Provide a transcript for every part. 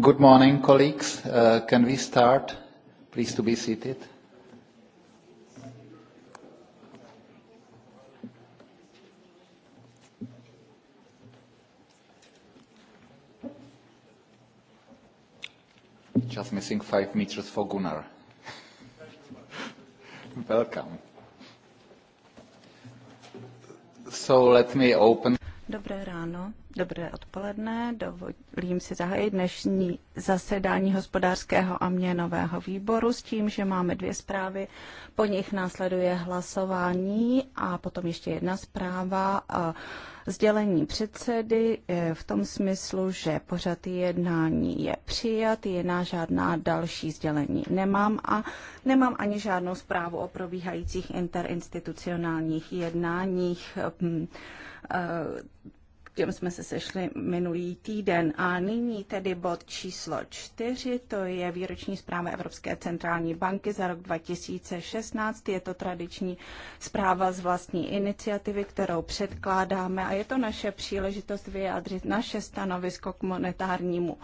Good morning, colleagues. Uh, can we start? Please to be seated. Just missing five meters for Gunnar. Welcome. So let me open. Dobré ráno. Dobré odpoledne, dovolím si zahájit dnešní zasedání hospodářského a měnového výboru s tím, že máme dvě zprávy, po nich následuje hlasování a potom ještě jedna zpráva a sdělení předsedy e, v tom smyslu, že pořad jednání je přijat, jiná žádná další sdělení nemám a nemám ani žádnou zprávu o probíhajících interinstitucionálních jednáních e, kterém jsme se sešli minulý týden. A nyní tedy bod číslo čtyři, to je výroční zpráva Evropské centrální banky za rok 2016. Je to tradiční zpráva z vlastní iniciativy, kterou předkládáme a je to naše příležitost vyjádřit naše stanovisko k monetárnímu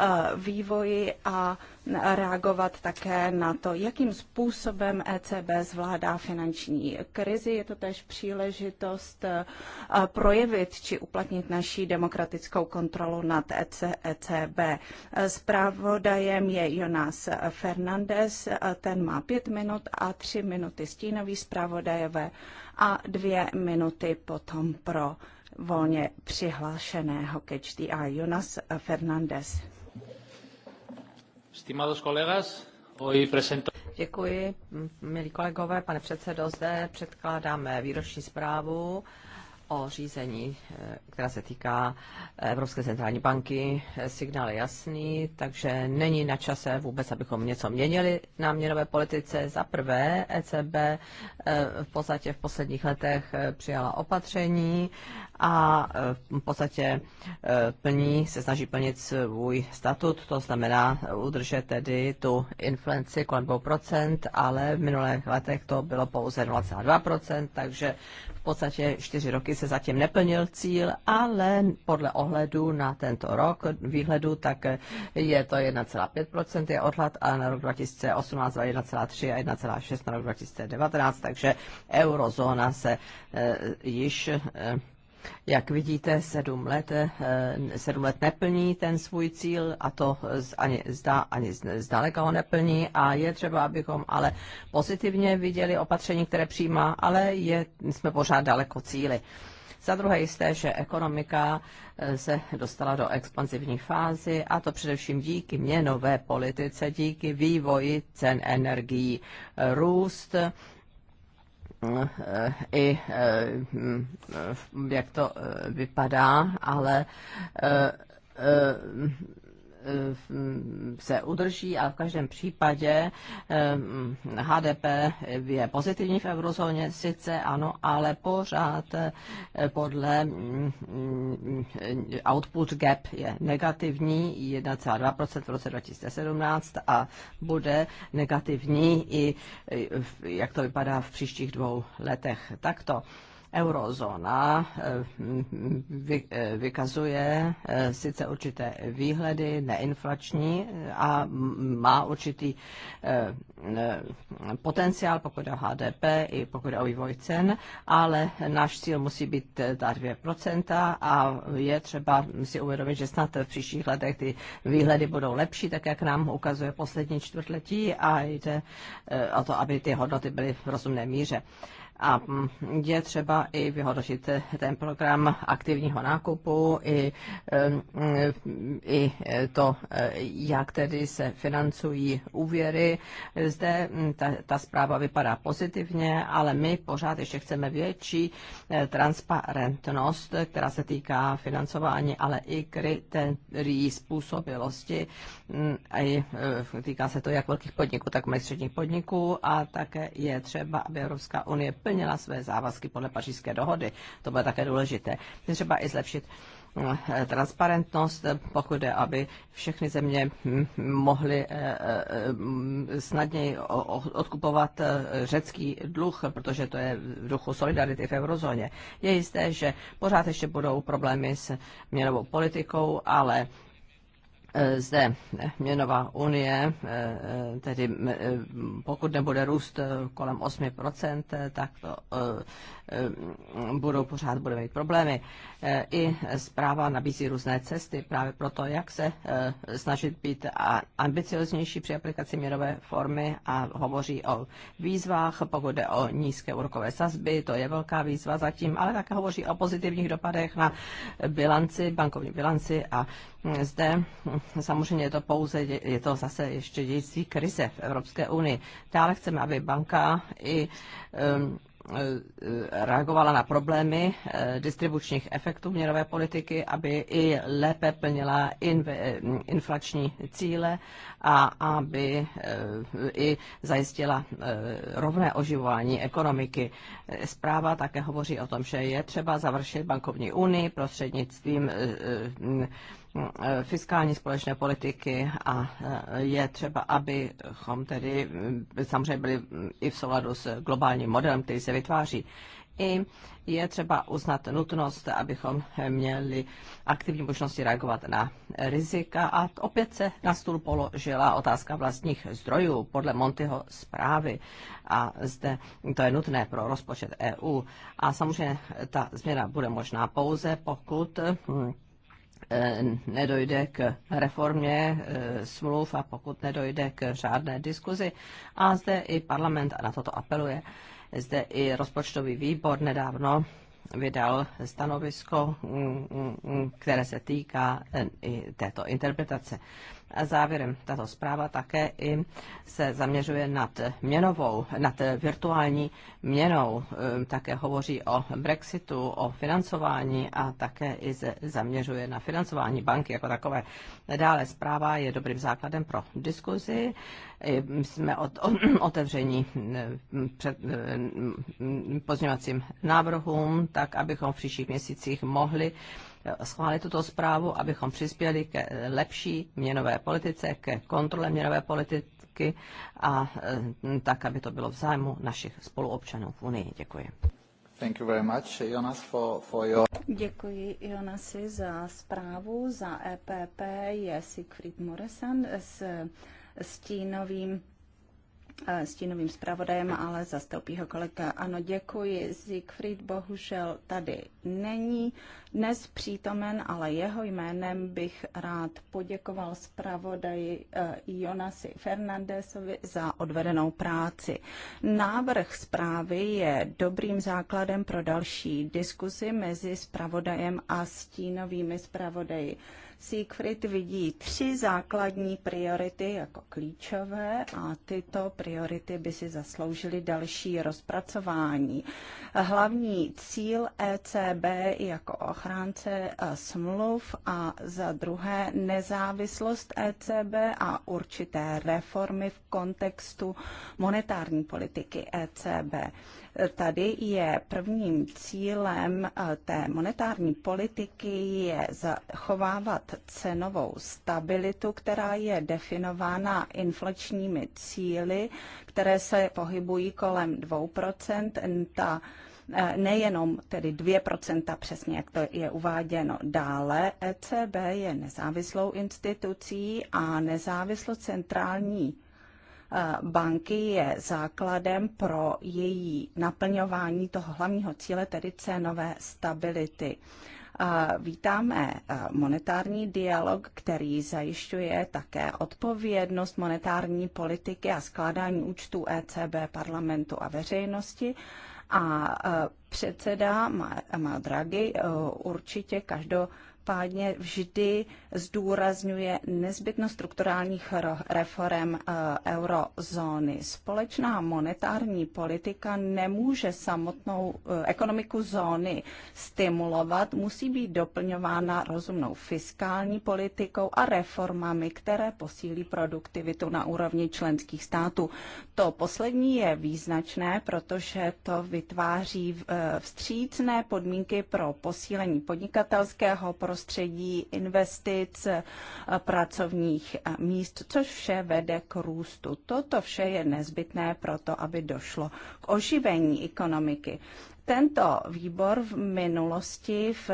eh, vývoji a reagovat také na to, jakým způsobem ECB zvládá finanční krizi. Je to tež příležitost eh, projevit či uplatnit naší demokratickou kontrolu nad ECB. E Zprávodajem je Jonas Fernandez, ten má pět minut a tři minuty stínový zpravodajové a dvě minuty potom pro volně přihlášeného catch the eye Jonas Fernandez. Děkuji, milí kolegové, pane předsedo, zde předkládáme výroční zprávu o řízení, eh, která se týká eh, Evropské centrální banky. Signál je jasný, takže není na čase vůbec, abychom něco měnili na měnové politice. Za prvé, ECB eh, v podstatě v posledních letech přijala opatření a v podstatě plní, se snaží plnit svůj statut, to znamená udržet tedy tu inflaci kolem 2%, ale v minulých letech to bylo pouze 0,2%, takže v podstatě čtyři roky se zatím neplnil cíl, ale podle ohledu na tento rok výhledu, tak je to 1,5% je odhlad a na rok 2018 1,3 a 1,6 na rok 2019, takže eurozóna se eh, již eh, jak vidíte, sedm let, eh, sedm let neplní ten svůj cíl a to ani, zda, ani zdaleka ho neplní a je třeba, abychom ale pozitivně viděli opatření, které přijímá, ale je, jsme pořád daleko cíli. Za druhé jisté, že ekonomika eh, se dostala do expanzivní fázy a to především díky měnové politice, díky vývoji cen energií. Růst Eh, i eh, mm, eh, jak to vypadá, ale Eh, se udrží a v každém případě HDP eh, je pozitivní v eurozóně, sice ano, ale pořád eh, podle mm, output gap je negativní 1,2% v roce 2017 a bude negativní i jak to vypadá v příštích dvou letech. Takto. Eurozóna eh, eh, vykazuje eh, sice určité výhledy neinflační a má určitý potenciál, pokud je o HDP i pokud je o vývoj cen, ale náš cíl musí být ta 2% a je třeba si uvědomit, že snad v příštích letech ty výhledy budou lepší, tak jak nám ukazuje poslední čtvrtletí a jde o to, aby ty hodnoty byly v rozumné míře a mm, je třeba i vyhodnotit ten program aktivního nákupu i, mm, i to, eh, jak tedy se financují úvěry. Zde mm, ta, ta zpráva vypadá pozitivně, ale my pořád ještě chceme větší eh, transparentnost, která se týká financování, ale i kritérií způsobilosti. A eh, týká se to jak velkých podniků, tak malých středních podniků a také je třeba, aby Evropská unie plnila své závazky podle pařížské dohody. To bude také důležité. Je třeba i zlepšit eh, transparentnost, pokud je, aby všechny země hm, mohly eh, eh, snadněji odkupovat řecký dluh, protože to je v duchu solidarity v eurozóně. Je jisté, že pořád ještě budou problémy s měnovou politikou, ale Eh, zde měnová unie, eh, eh, tedy pokud nebude růst kolem 8%, tak to budou pořád bude mít problémy. I zpráva nabízí různé cesty právě proto, jak se snažit být ambicioznější při aplikaci měnové formy a hovoří o výzvách, pokud jde o nízké úrokové sazby, to je velká výzva zatím, ale také hovoří o pozitivních dopadech na bilanci, bankovní bilanci a hm, zde hm, samozřejmě je to pouze, je to zase ještě dějící krize v Evropské unii. Dále chceme, aby banka i um, reagovala na problémy e, distribučních efektů měnové politiky, aby i lépe plnila e, inflační cíle a aby i zajistila rovné oživování ekonomiky. Zpráva také hovoří o tom, že je třeba završit bankovní unii prostřednictvím fiskální společné politiky a eh, je třeba, abychom tedy eh, samozřejmě byli i v souladu s globálním modelem, který se vytváří. I je třeba uznat nutnost, abychom měli aktivní možnosti reagovat na rizika a opět se na stůl položila otázka vlastních zdrojů podle Montyho zprávy a zde to je nutné pro rozpočet EU a samozřejmě ta změna bude možná pouze, pokud hm, E, nedojde k reformě e, smluv a pokud nedojde k řádné diskuzi. A zde i parlament, a na toto apeluje, zde i rozpočtový výbor nedávno vydal stanovisko, mm, mm, mm, které se týká e, i této interpretace. A závěrem tato zpráva také i se zaměřuje nad měnovou, nad virtuální měnou. Ehm, také hovoří o Brexitu, o financování a také i se zaměřuje na financování banky jako takové. Dále zpráva je dobrým základem pro diskuzi. Jsme od, otevření ehm, před ehm, pozněvacím návrhům, tak abychom v příštích měsících mohli schválit tuto zprávu, abychom přispěli ke lepší měnové politice, ke kontrole měnové politiky a eh, tak, aby to bylo v zájmu našich spoluobčanů v Unii. Děkuji. Thank you very much, Jonas, for, for your... Děkuji Jonasi za zprávu. Za EPP je Siegfried Morrison s stínovým E, stínovým zpravodajem, ale zastoupí ho kolega. Ano, děkuji. Siegfried bohužel tady není dnes přítomen, ale jeho jménem bych rád poděkoval zpravodaji e, Jonasi Fernandesovi za odvedenou práci. Návrh zprávy je dobrým základem pro další diskusy mezi zpravodajem a stínovými zpravodaji. Siegfried vidí tři základní priority jako klíčové a tyto priority by si zasloužily další rozpracování. Hlavní cíl ECB jako ochránce eh, smluv a za druhé nezávislost ECB a určité reformy v kontextu monetární politiky ECB. Tady je prvním cílem eh, té monetární politiky je zachovávat cenovou stabilitu, která je definována inflačními cíly, které se pohybují kolem 2%. Ta eh, nejenom tedy 2% přesně, jak to je uváděno dále. ECB je nezávislou institucí a nezávislost centrální banky je základem pro její naplňování toho hlavního cíle, tedy cenové stability. Vítáme monetární dialog, který zajišťuje také odpovědnost monetární politiky a skládání účtů ECB parlamentu a veřejnosti. A předseda Madragy e, určitě každou každopádně vždy zdůrazňuje nezbytnost strukturálních reform eh, eurozóny. Společná monetární politika nemůže samotnou eh, ekonomiku zóny stimulovat, musí být doplňována rozumnou fiskální politikou a reformami, které posílí produktivitu na úrovni členských států. To poslední je význačné, protože to vytváří eh, vstřícné podmínky pro posílení podnikatelského prostředí prostředí, investic, eh, pracovních eh, míst, což vše vede k růstu. Toto vše je nezbytné pro to, aby došlo k oživení ekonomiky. Tento výbor v minulosti v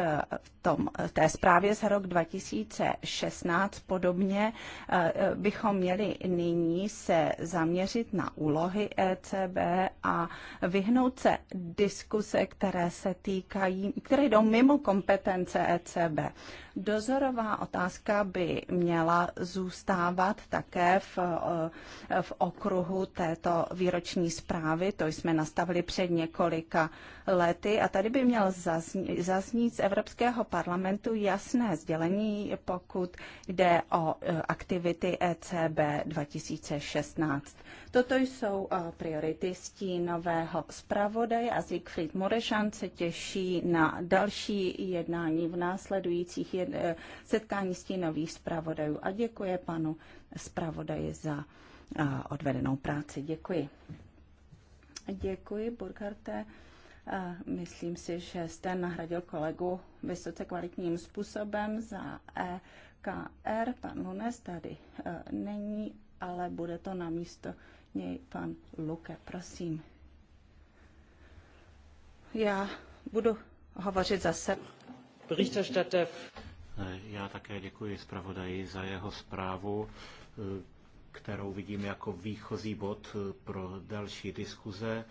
tom, té zprávě za rok 2016 podobně eh, bychom měli nyní se zaměřit na úlohy ECB a vyhnout se diskuse, které se týkají, které jdou mimo kompetence ECB. Dozorová otázka by měla zůstávat také v, eh, v okruhu této výroční zprávy, to jsme nastavili před několika lety a tady by měl zaznít, zaznít z Evropského parlamentu jasné sdělení, pokud jde o eh, aktivity ECB 2016. Toto jsou eh, priority stínového zpravodaje a Siegfried Morešan se těší na další jednání v následujících Eh, setkání stínových zpravodajů a děkuje panu zpravodaji za eh, odvedenou práci. Děkuji. Děkuji, Burkarte. Eh, myslím si, že jste nahradil kolegu vysoce kvalitním způsobem za EKR. Pan Lunes tady není, ale bude to na místo něj pan Luke. Prosím. Já budu hovořit zase. Berichterstatter já také děkuji zpravodaji za jeho zprávu, kterou vidím jako výchozí bod pro další diskuze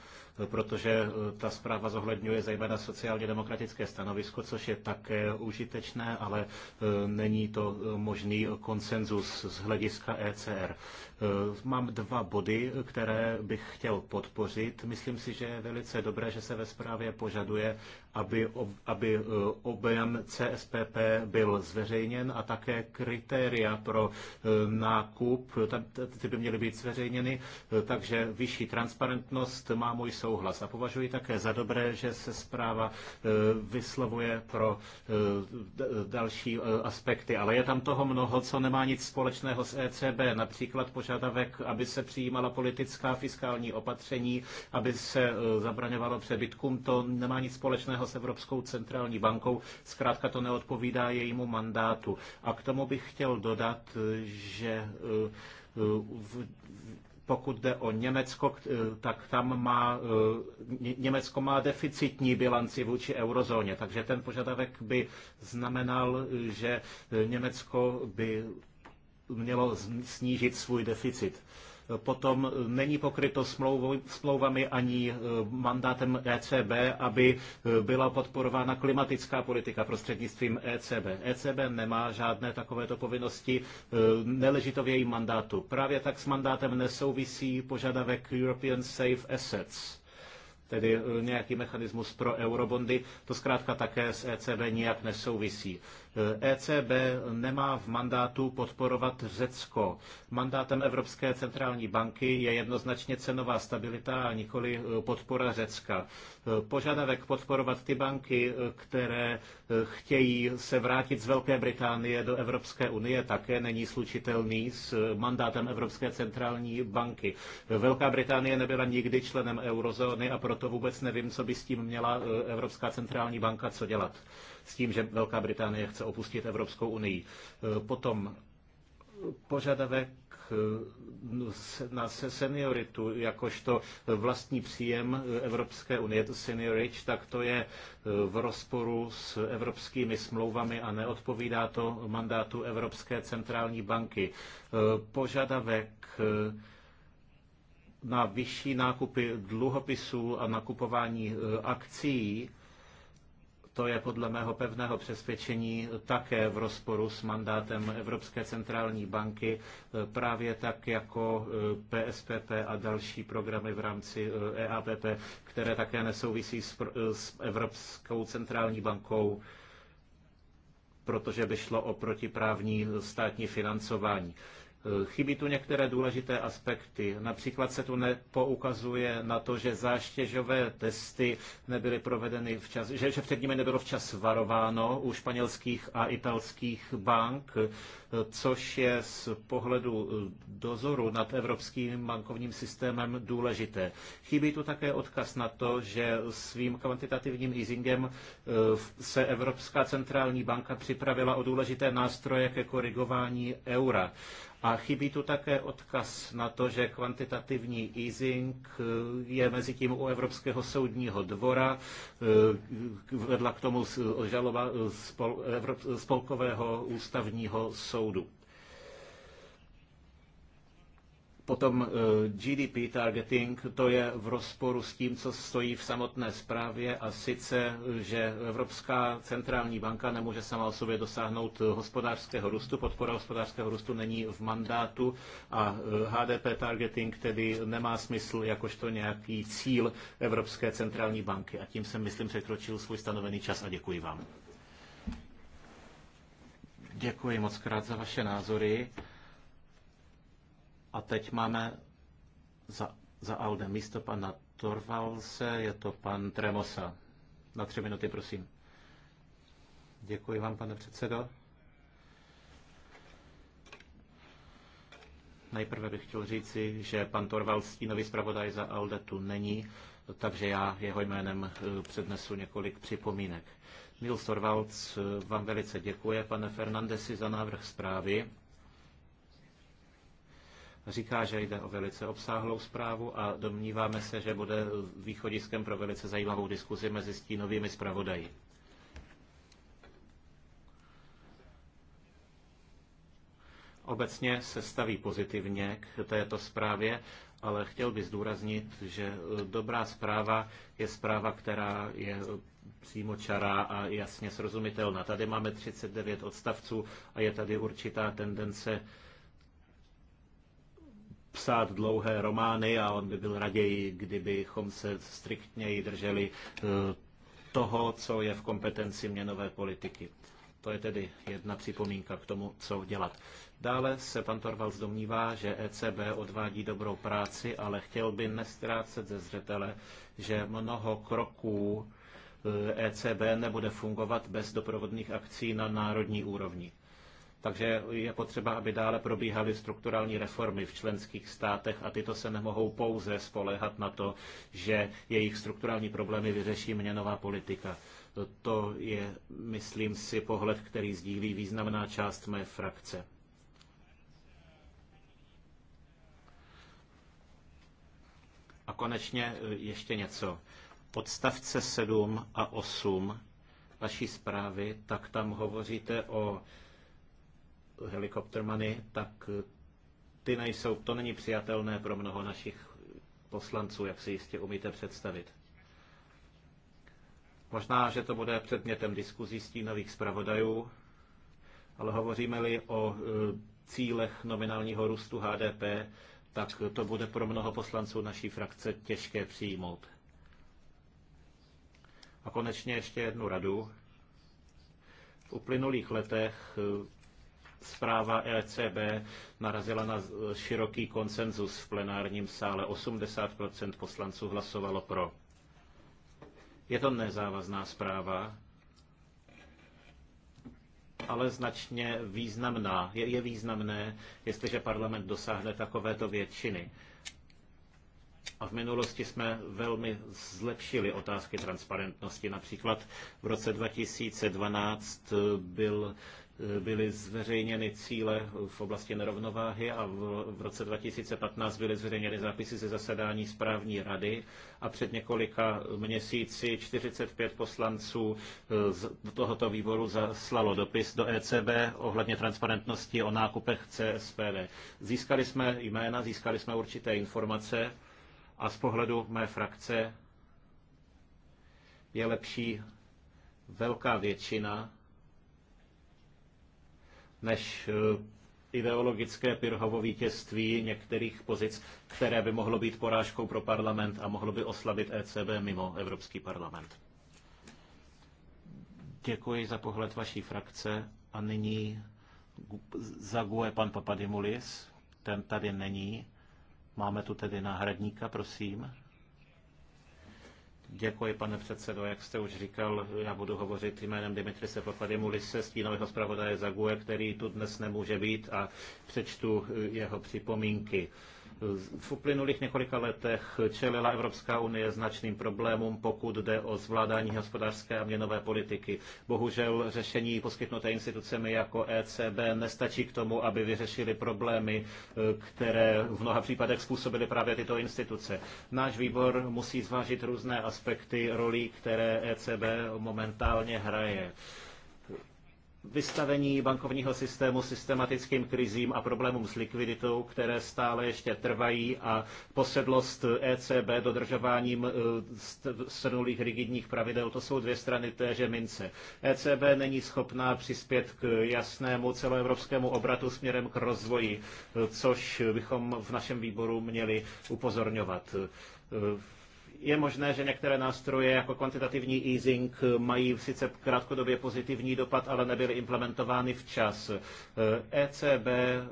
protože eh, ta zpráva zohledňuje zejména sociálně demokratické stanovisko, což je také užitečné, ale eh, není to eh, možný konsenzus z hlediska ECR. Mám dva body, které bych chtěl podpořit. Myslím si, že je velice dobré, že se ve zprávě požaduje, aby, aby objem CSPP byl zveřejněn a také kritéria pro nákup, ty by měly být zveřejněny, takže vyšší transparentnost má můj souhlas. A považuji také za dobré, že se zpráva e, vyslovuje pro e, další e, aspekty. Ale je tam toho mnoho, co nemá nic společného s ECB. Například požadavek, aby se přijímala politická fiskální opatření, aby se zabraňovalo přebytkům. To nemá nic společného s Evropskou centrální bankou. Zkrátka to neodpovídá jejímu mandátu. A k tomu bych chtěl dodat, že v pokud jde o Německo, eh, tak tam má, eh, Německo má deficitní bilanci vůči eurozóně, takže ten požadavek by znamenal, že Německo by mělo snížit svůj deficit potom není pokryto smlouvami ani e, mandátem ECB, aby e, byla podporována klimatická politika prostřednictvím ECB. ECB nemá žádné takovéto povinnosti, e, neleží to v jejím mandátu. Právě tak s mandátem nesouvisí požadavek European Safe Assets tedy nějaký mechanismus pro eurobondy, to zkrátka také s ECB nijak nesouvisí. ECB eh, e nemá v mandátu podporovat Řecko. Mandátem Evropské centrální banky je jednoznačně cenová stabilita a nikoli eh, podpora Řecka. Eh, požadavek podporovat ty banky, které chtějí se vrátit z Velké Británie do Evropské unie, také není slučitelný s mandátem Evropské centrální banky. Velká Británie nebyla nikdy členem eurozóny a proto vůbec nevím, co by s tím měla Evropská centrální banka co dělat. S tím, že Velká Británie chce chce opustit Evropskou unii. E, potom požadavek e, na senioritu jakožto vlastní příjem Evropské unie, to seniorage, tak to je e, v rozporu s evropskými smlouvami a neodpovídá to mandátu Evropské centrální banky. Požadavek na vyšší nákupy dluhopisů a nakupování akcí to je podle mého pevného přesvědčení také v rozporu s mandátem Evropské centrální banky, e, právě tak jako PSPP e, a další programy v rámci EAPP, e které také nesouvisí s Evropskou centrální bankou protože by šlo o protiprávní státní financování. Eh, chybí tu některé důležité aspekty. Například se tu nepoukazuje na to, že záštěžové testy nebyly provedeny včas, že, že před nimi nebylo včas varováno u španělských a italských bank, eh, což je z pohledu eh, dozoru nad evropským bankovním systémem důležité. Chybí tu také odkaz na to, že svým kvantitativním easingem se Evropská centrální banka připravila o důležité nástroje ke korigování eura. A chybí tu také odkaz na to, že kvantitativní easing je mezi tím u Evropského soudního dvora. Eh, vedla k tomu žaloba spolkového ústavního soudu. Potom eh, GDP targeting, to je v rozporu s tím, co stojí v samotné zprávě a sice, eh, že Evropská centrální banka nemůže sama o sobě dosáhnout eh, hospodářského růstu, podpora hospodářského růstu není v mandátu a HDP targeting tedy nemá smysl jakožto nějaký cíl Evropské centrální banky. A tím jsem, myslím, překročil svůj stanovený čas a děkuji vám. Děkuji moc krát za vaše názory. A teď máme za, za Alde místo pana Torvalse, je to pan Tremosa. Na tři minuty, prosím. Děkuji vám, pane předsedo. Nejprve bych chtěl říci, že pan Torvald stínový zpravodaj za ALDE tu není, takže já jeho jménem eh, přednesu několik připomínek. Nils Torvalds eh, vám velice děkuje, pane Fernandesi, za návrh zprávy říká, že jde o velice obsáhlou zprávu a domníváme se, že bude východiskem pro velice zajímavou diskuzi mezi stínovými zpravodaji. Obecně se staví pozitivně k této zprávě, ale chtěl bych zdůraznit, že dobrá zpráva je zpráva, která je přímo čará a jasně srozumitelná. Tady máme 39 odstavců a je tady určitá tendence psát dlouhé romány a on by byl raději, kdybychom se striktněji drželi eh, toho, co je v kompetenci měnové politiky. To je tedy jedna připomínka k tomu, co dělat. Dále se pan Torvalds domnívá, že ECB odvádí dobrou práci, ale chtěl by nestrácet ze zřetele, že mnoho kroků ECB eh, e nebude fungovat bez doprovodných akcí na národní úrovni. Takže je potřeba, aby dále probíhaly strukturální reformy v členských státech a tyto se nemohou pouze spolehat na to, že jejich strukturální problémy vyřeší měnová politika. To je, myslím si, pohled, který sdílí významná část mé frakce. A konečně eh, ještě něco. Podstavce 7 a 8 vaší zprávy, tak tam hovoříte o helikoptermany, tak ty nejsou, to není přijatelné pro mnoho našich poslanců, jak si jistě umíte představit. Možná, že to bude předmětem diskuzí stínových zpravodajů, ale hovoříme-li o e, cílech nominálního růstu HDP, tak to bude pro mnoho poslanců naší frakce těžké přijmout. A konečně ještě jednu radu. V uplynulých letech e, zpráva ECB narazila na široký konsenzus v plenárním sále. 80% poslanců hlasovalo pro. Je to nezávazná zpráva, ale značně významná. Je, je významné, jestliže parlament dosáhne takovéto většiny. A v minulosti jsme velmi zlepšili otázky transparentnosti. Například v roce 2012 byl byly zveřejněny cíle v oblasti nerovnováhy a v, v roce 2015 byly zveřejněny zápisy ze zasedání správní rady a před několika měsíci 45 poslanců eh, z tohoto výboru zaslalo dopis do ECB ohledně transparentnosti o nákupech CSPD. Získali jsme jména, získali jsme určité informace a z pohledu mé frakce je lepší velká většina než eh, ideologické pirhovo vítězství některých pozic, které by mohlo být porážkou pro parlament a mohlo by oslabit ECB mimo Evropský parlament. Děkuji za pohled vaší frakce a nyní zaguje pan Papadimulis, ten tady není. Máme tu tedy náhradníka, prosím. Děkuji, pane předsedo. Jak jste už říkal, já budu hovořit jménem Dimitrise Papadimulise, stínového zpravodaje Zague, který tu dnes nemůže být a přečtu jeho připomínky. V uplynulých několika letech čelila Evropská unie značným problémům, pokud jde o zvládání hospodářské a měnové politiky. Bohužel řešení poskytnuté institucemi jako ECB nestačí k tomu, aby vyřešili problémy, eh, které v mnoha případech způsobily právě tyto instituce. Náš výbor musí zvážit různé aspekty rolí, které ECB momentálně hraje vystavení bankovního systému systematickým krizím a problémům s likviditou, které stále ještě trvají a posedlost ECB dodržováním eh, srnulých rigidních pravidel, to jsou dvě strany téže mince. ECB není schopná přispět k jasnému celoevropskému obratu směrem k rozvoji, eh, což bychom v našem výboru měli upozorňovat eh, je možné, že některé nástroje jako kvantitativní easing mají sice krátkodobě pozitivní dopad, ale nebyly implementovány včas. ECB e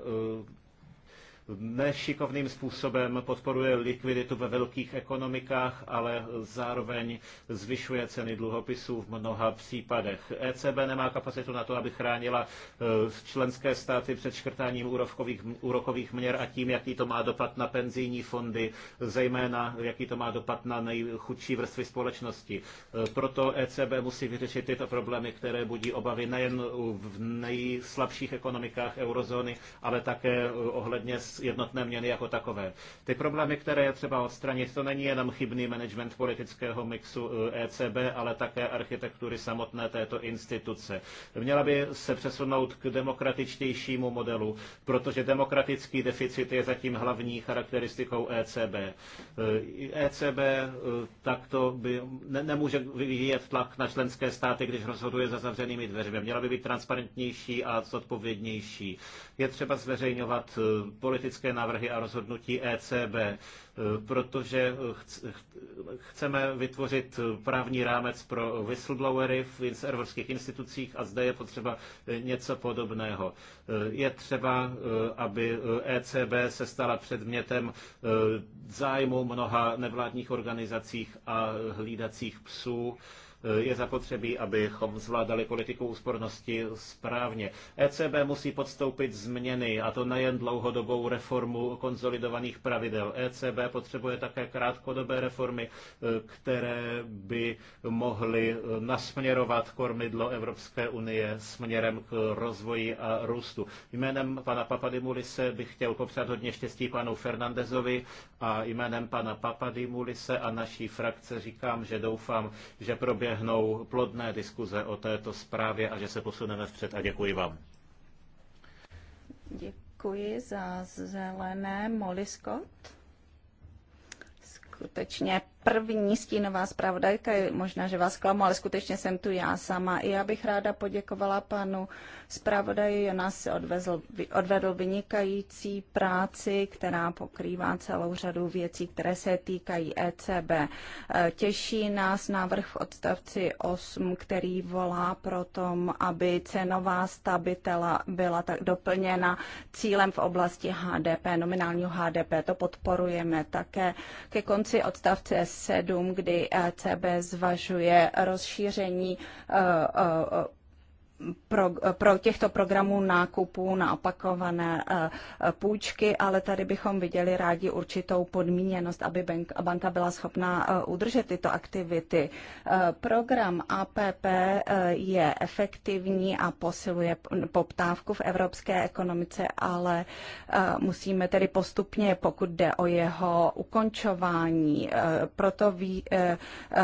nešikovným způsobem podporuje likviditu ve velkých ekonomikách, ale zároveň zvyšuje ceny dluhopisů v mnoha případech. ECB nemá kapacitu na to, aby chránila eh, členské státy před škrtáním úrokových, úrokových měr a tím, jaký to má dopad na penzijní fondy, zejména jaký to má dopad na nejchudší vrstvy společnosti. Eh, proto ECB musí vyřešit tyto problémy, které budí obavy nejen v nejslabších ekonomikách eurozóny, ale také eh, ohledně jednotné měny jako takové. Ty problémy, které je třeba odstranit, to není jenom chybný management politického mixu ECB, eh, e ale také architektury samotné této instituce. Měla by se přesunout k demokratičtějšímu modelu, protože demokratický deficit je zatím hlavní charakteristikou ECB. ECB eh, e eh, takto by ne, nemůže vyvíjet tlak na členské státy, když rozhoduje za zavřenými dveřmi. Měla by být transparentnější a zodpovědnější. Je třeba zveřejňovat politické politické návrhy a rozhodnutí ECB, eh, protože chceme vytvořit právní rámec pro whistleblowery v evropských institucích a zde je potřeba eh, něco podobného. Eh, je třeba, aby ECB e se stala předmětem zájmu mnoha nevládních organizacích a hlídacích psů, Eh, je zapotřebí, abychom zvládali politiku úspornosti správně. ECB musí podstoupit změny, a to nejen dlouhodobou reformu konzolidovaných pravidel. ECB potřebuje také krátkodobé reformy, eh, které by mohly eh, nasměrovat kormidlo Evropské unie směrem k rozvoji a růstu. Jménem pana Papadimulise bych chtěl popřát hodně štěstí panu Fernandezovi a jménem pana Papadimulise a naší frakce říkám, že doufám, že proběhnou plodné diskuze o této zprávě a že se posuneme vpřed a děkuji vám. Děkuji za zelené Molly Scott. Skutečně první stínová zpravodajka, možná, že vás klamu, ale skutečně jsem tu já sama. I já bych ráda poděkovala panu zpravodaji, Jonas si odvezl, odvedl vynikající práci, která pokrývá celou řadu věcí, které se týkají ECB. E, těší nás návrh v odstavci 8, který volá pro tom, aby cenová stabilita byla tak doplněna cílem v oblasti HDP, nominálního HDP. To podporujeme také ke konci odstavce 7, kdy ECB zvažuje rozšíření e, e, pro, pro těchto programů nákupů na opakované eh, eh, půjčky, ale tady bychom viděli rádi určitou podmíněnost, aby banka byla schopná eh, udržet tyto aktivity. Program APP je efektivní a posiluje poptávku v evropské ekonomice, ale musíme tedy postupně, pokud jde o jeho ukončování, proto ví,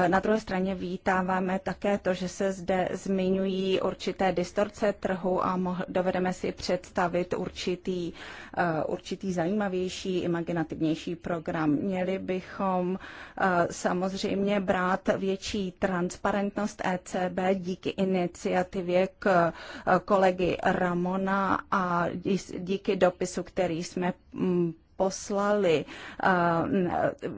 na druhé straně vítáváme také to, že se zde zmiňují určité určité distorce trhu a dovedeme si představit určitý, eh, určitý zajímavější, imaginativnější program. Měli bychom eh, samozřejmě brát větší transparentnost ECB díky iniciativě k eh, kolegy Ramona a díky dopisu, který jsme mm, poslali. Eh,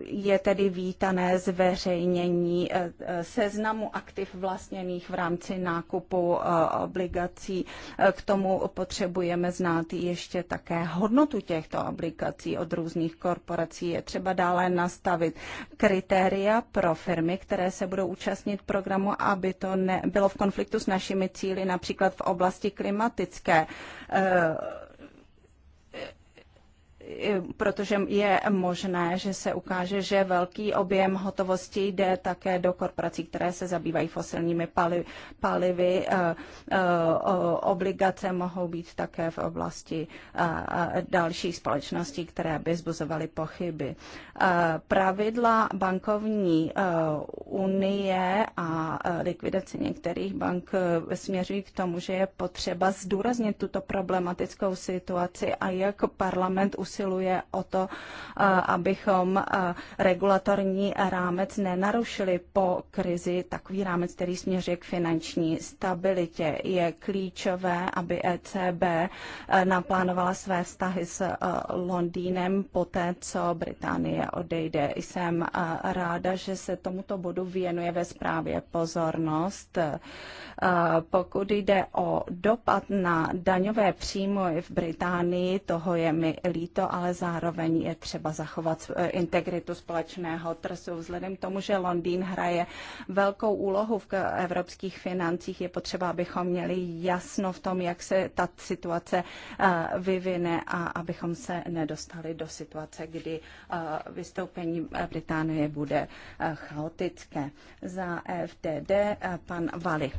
je tedy vítané zveřejnění eh, seznamu aktiv vlastněných v rámci nákupu eh, obligací. K tomu potřebujeme znát ještě také hodnotu těchto obligací od různých korporací. Je třeba dále nastavit kritéria pro firmy, které se budou účastnit programu, aby to nebylo v konfliktu s našimi cíly, například v oblasti klimatické protože je možné, že se ukáže, že velký objem hotovosti jde také do korporací, které se zabývají fosilními palivy. Eh, eh, obligace mohou být také v oblasti eh, dalších společností, které by zbuzovaly pochyby. Pravidla bankovní unie a likvidace některých bank směřují k tomu, že je potřeba zdůraznit tuto problematickou situaci a jak parlament usiluje usiluje o to, eh, abychom eh, regulatorní rámec nenarušili po krizi, takový rámec, který směřuje k finanční stabilitě. Je klíčové, aby ECB eh, naplánovala své vztahy s Londýnem poté, co Británie odejde. Jsem ráda, že se tomuto bodu věnuje ve zprávě pozornost. Pokud jde o dopad na daňové příjmy v Británii, toho je mi líto, ale zároveň je třeba zachovat eh, integritu společného trhu. Vzhledem k tomu, že Londýn hraje velkou úlohu v evropských financích, je potřeba, abychom měli jasno v tom, jak se ta situace eh, vyvine a abychom se nedostali do situace, kdy eh, vystoupení Británie bude chaotické. Za FDD pan Vali.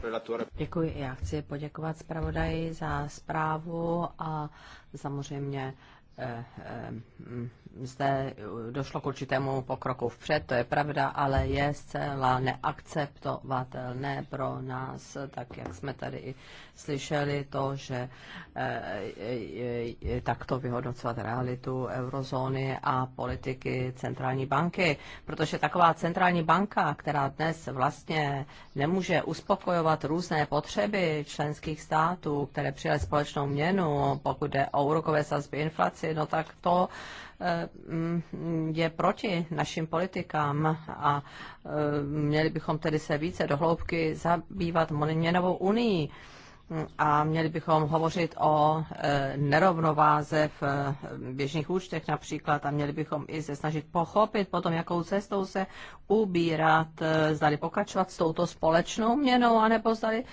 Děkuji. Já chci poděkovat zpravodaji za zprávu a samozřejmě Eh, eh, zde došlo k určitému pokroku vpřed, to je pravda, ale je zcela neakceptovatelné pro nás, tak jak jsme tady i slyšeli, to, že eh, takto vyhodnocovat realitu eurozóny a politiky centrální banky, protože taková centrální banka, která dnes vlastně nemůže uspokojovat různé potřeby členských států, které přijaly společnou měnu, pokud jde o úrokové sazby inflaci, státy, no tak to eh, je proti našim politikám a eh, měli bychom tedy se více dohloubky zabývat měnovou unii a měli bychom hovořit o e, nerovnováze v e, běžných účtech například a měli bychom i se snažit pochopit potom, jakou cestou se ubírat, e, zdali pokračovat s touto společnou měnou, anebo zdali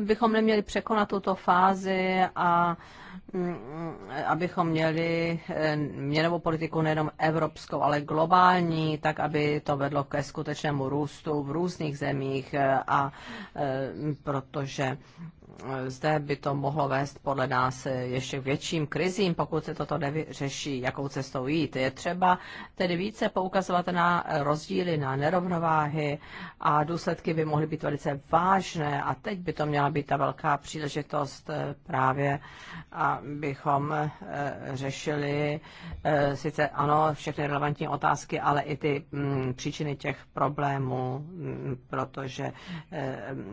bychom neměli překonat tuto fázi a mm, abychom měli měnovou politiku nejenom evropskou, ale globální, tak aby to vedlo ke skutečnému růstu v různých zemích a protože Eh, zde by to mohlo vést podle nás ještě k větším krizím, pokud se toto nevyřeší, jakou cestou jít. Je třeba tedy více poukazovat na rozdíly, na nerovnováhy a důsledky by mohly být velice vážné a teď by to měla být ta velká příležitost eh, právě, abychom eh, řešili sice ano všechny relevantní otázky, ale i ty mm, příčiny těch problémů, mm, protože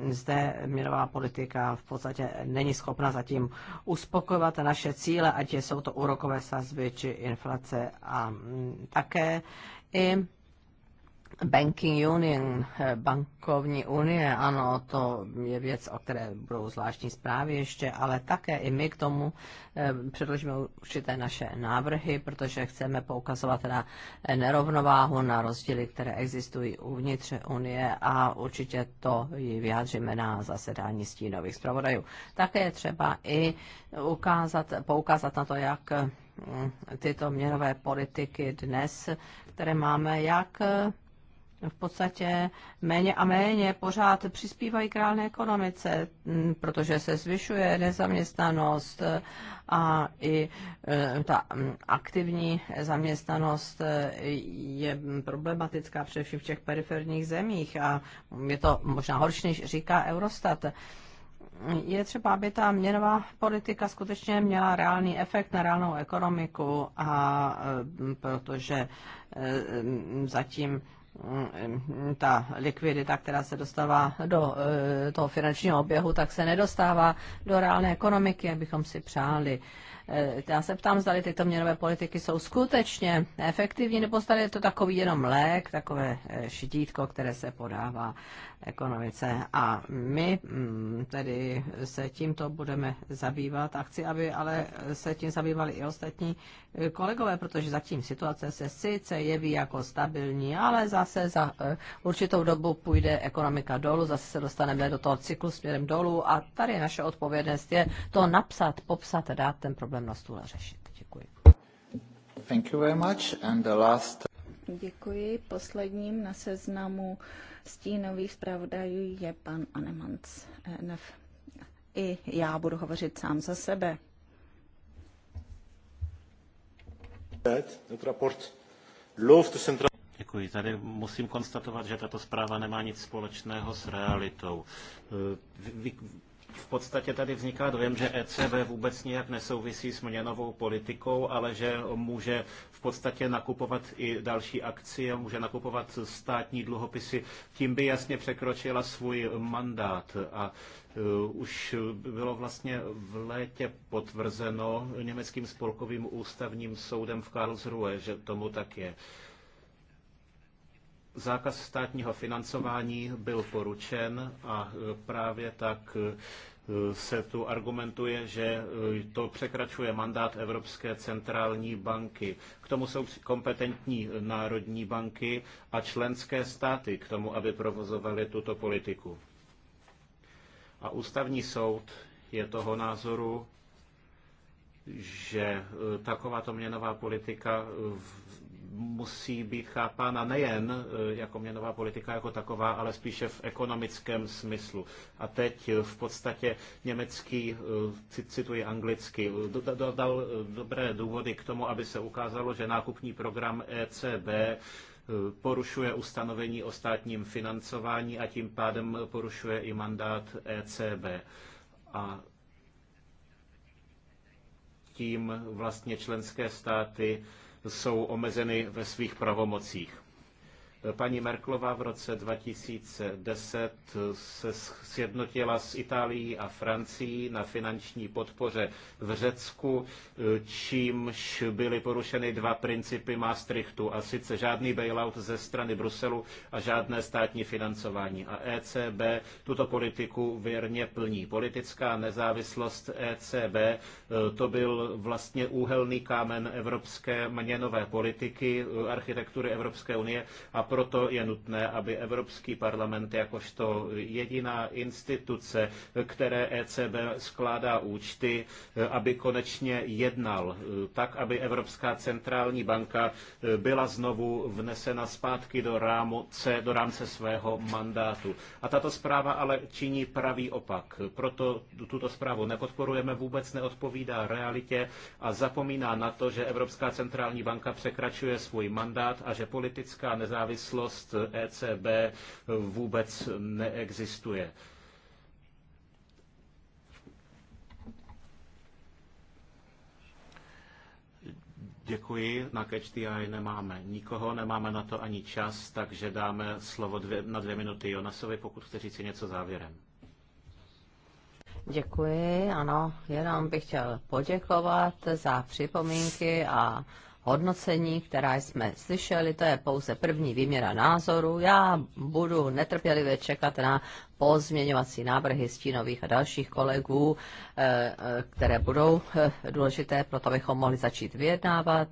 zde měnová politika v podstatě není schopna zatím uspokojovat naše cíle, ať jsou to úrokové sazby či inflace a mm, také i Banking Union, eh, bankovní unie, ano, to je věc, o které budou zvláštní zprávy ještě, ale také i my k tomu eh, předložíme určité naše návrhy, protože chceme poukazovat na nerovnováhu, na rozdíly, které existují uvnitř unie a určitě to ji vyjádříme na zasedání stínových zpravodajů. Také je třeba i ukázat, poukázat na to, jak mm, tyto měnové politiky dnes, které máme, jak eh, v podstatě méně a méně pořád přispívají k reálné ekonomice, protože se zvyšuje nezaměstnanost e, a i e, ta aktivní zaměstnanost e, je problematická především v těch periferních zemích a je to možná horší, než říká Eurostat je třeba, aby ta měnová politika skutečně měla reálný efekt na reálnou ekonomiku, a protože zatím Mm, ta likvidita, která se dostává do eh, toho finančního oběhu, tak se nedostává do reálné ekonomiky, abychom si přáli. Eh, já se ptám, zda tyto měnové politiky jsou skutečně efektivní, nebo zda je to takový jenom lék, takové eh, šidítko, které se podává ekonomice. A my mm, tedy se tímto budeme zabývat a chci, aby ale se tím zabývali i ostatní kolegové, protože zatím situace se sice jeví jako stabilní, ale zase za eh, určitou dobu půjde ekonomika dolů, zase se dostaneme do toho cyklu směrem dolů a tady naše odpovědnost je to napsat, popsat, dát ten problém na stůl a řešit. Děkuji. Thank you very much. And the last... Děkuji. Posledním na seznamu stínový zpravodajů je pan Anemans. Eh, NF. I já budu hovořit sám za sebe. Děkuji. Tady musím konstatovat, že tato zpráva nemá nic společného s realitou. Eh, vy, vy, v podstatě tady vzniká dojem, že ECB vůbec nijak nesouvisí s měnovou politikou, ale že může v podstatě nakupovat i další akcie, může nakupovat státní dluhopisy. Tím by jasně překročila svůj mandát. A e, už bylo vlastně v létě potvrzeno německým spolkovým ústavním soudem v Karlsruhe, že tomu tak je zákaz státního financování byl poručen a e, právě tak e, se tu argumentuje, že e, to překračuje mandát Evropské centrální banky. K tomu jsou kompetentní národní banky a členské státy k tomu, aby provozovaly tuto politiku. A ústavní soud je toho názoru, že takováto měnová politika musí být chápána nejen e, jako měnová politika jako taková, ale spíše v ekonomickém smyslu. A teď e, v podstatě německý, e, cituji anglicky, dodal dobré důvody k tomu, aby se ukázalo, že nákupní program ECB porušuje ustanovení o státním financování a tím pádem porušuje i mandát ECB. A tím vlastně členské státy jsou omezeny ve svých pravomocích. Paní Merklová v roce 2010 se sjednotila s Itálií a Francií na finanční podpoře v Řecku, čímž byly porušeny dva principy Maastrichtu, a sice žádný bailout ze strany Bruselu a žádné státní financování. A ECB tuto politiku věrně plní. Politická nezávislost ECB e, to byl vlastně úhelný kámen evropské měnové politiky, e, architektury Evropské unie a proto je nutné, aby Evropský parlament jakožto jediná instituce, které ECB skládá účty, aby konečně jednal tak, aby Evropská centrální banka byla znovu vnesena zpátky do, c, do rámce svého mandátu. A tato zpráva ale činí pravý opak. Proto tuto zprávu nepodporujeme, vůbec neodpovídá realitě a zapomíná na to, že Evropská centrální banka překračuje svůj mandát a že politická nezávislost nezávislost ECB vůbec neexistuje. Děkuji. Na Catch the Eye nemáme nikoho, nemáme na to ani čas, takže dáme slovo dvě, na dvě minuty Jonasovi, pokud chce říct něco závěrem. Děkuji, ano, jenom bych chtěl poděkovat za připomínky a hodnocení, která jsme slyšeli, to je pouze první výměra názoru. Já budu netrpělivě čekat na pozměňovací návrhy stínových a dalších kolegů, eh, eh, které budou eh, důležité pro to, abychom mohli začít vyjednávat.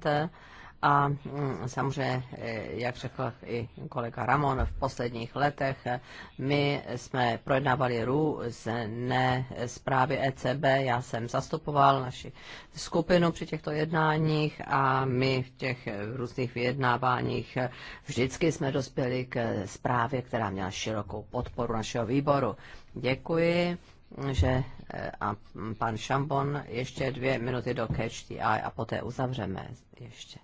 A mm, samozřejmě, eh, jak řekl i kolega Ramon, v posledních letech eh, my jsme projednávali různé eh, zprávy ECB, já jsem zastupoval naši skupinu při těchto jednáních a my v těch různých vyjednáváních vždycky jsme dospěli k zprávě, která měla širokou podporu našeho výboru. Děkuji že a pan Šambon ještě dvě minuty do catch the eye a poté uzavřeme ještě.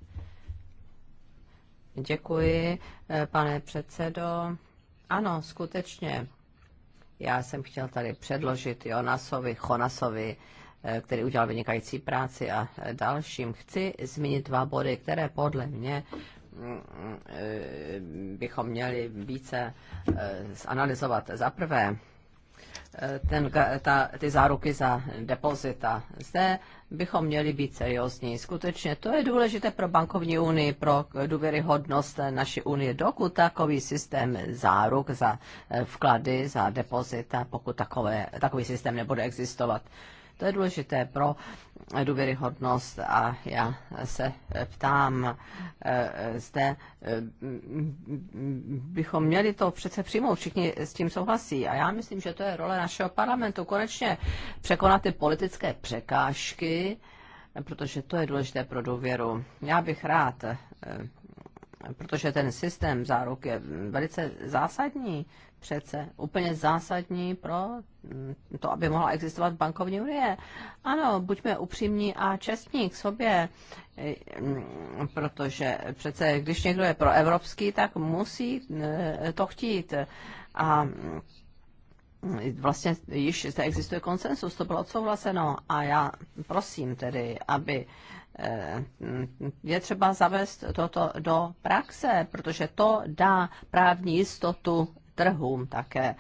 Děkuji, eh, pane předsedo. Ano, skutečně. Já jsem chtěl tady předložit Jonasovi, Chonasovi, eh, který udělal vynikající práci a eh, dalším. Chci zmínit dva body, které podle mě mm, bychom měli více zanalizovat. Za prvé, ten, ta, ty záruky za depozita. Zde bychom měli být seriózní. Skutečně to je důležité pro bankovní unii, pro důvěryhodnost naší unie, dokud takový systém záruk za eh, vklady, za depozita, pokud takové, takový systém nebude existovat. To je důležité pro důvěryhodnost a já se ptám, eh, zde eh, bychom měli to přece přijmout, všichni s tím souhlasí a já myslím, že to je role našeho parlamentu konečně překonat ty politické překážky, protože to je důležité pro důvěru. Já bych rád eh, protože ten systém záruk je velice zásadní přece, úplně zásadní pro mm, to, aby mohla existovat bankovní unie. Ano, buďme upřímní a čestní k sobě, e, mm, protože přece, když někdo je proevropský, tak musí e, to chtít. A mm, vlastně již zde existuje konsensus, to bylo odsouhlaseno a já prosím tedy, aby Eh, je třeba zavést toto do praxe, protože to dá právní jistotu trhům také.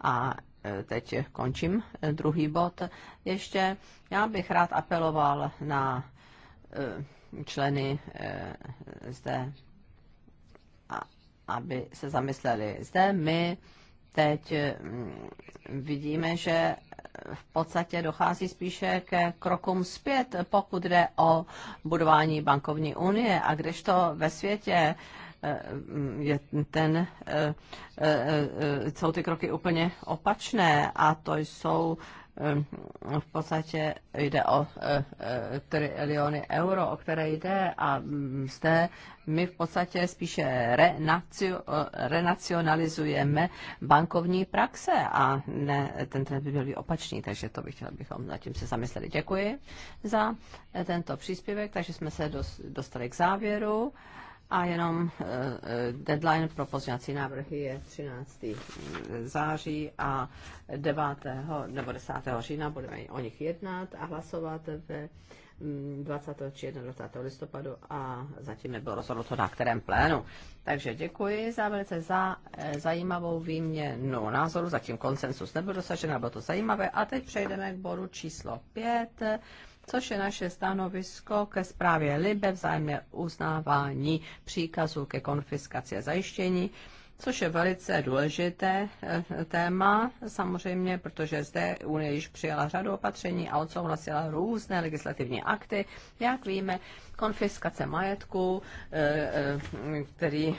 A eh, teď končím eh, druhý bod. Ještě já bych rád apeloval na členy zde, aby se zamysleli. Zde my teď mm, vidíme, že v podstatě dochází spíše ke krokům zpět, pokud jde o budování bankovní unie. A když to ve světě eh, je ten, eh, eh, jsou ty kroky úplně opačné a to jsou Ehm, v podstatě jde o e, e, triliony euro, o které jde a mm, zde my v podstatě spíše e, renacionalizujeme bankovní praxe a ne, ten trend by byl opačný, takže to bych chtěla, bychom zatím se zamysleli. Děkuji za tento příspěvek, takže jsme se dostali k závěru. A jenom eh, eh, deadline pro pozměňovací návrhy je 13. Eh, září a 9. nebo 10. října budeme o nich jednat a hlasovat ve 20. Mm, či 21. listopadu a zatím nebylo rozhodnuto na kterém plénu. Takže děkuji za velice za, zajímavou výměnu názoru. Zatím konsensus nebyl dosažen, bylo to zajímavé. A teď přejdeme k bodu číslo 5 což je naše stanovisko ke zprávě LIBE vzájemné uznávání příkazů ke konfiskaci a zajištění což je velice důležité eh, téma, samozřejmě, protože zde Unie již přijala řadu opatření a odsouhlasila různé legislativní akty. Jak víme, konfiskace majetku, eh, eh, který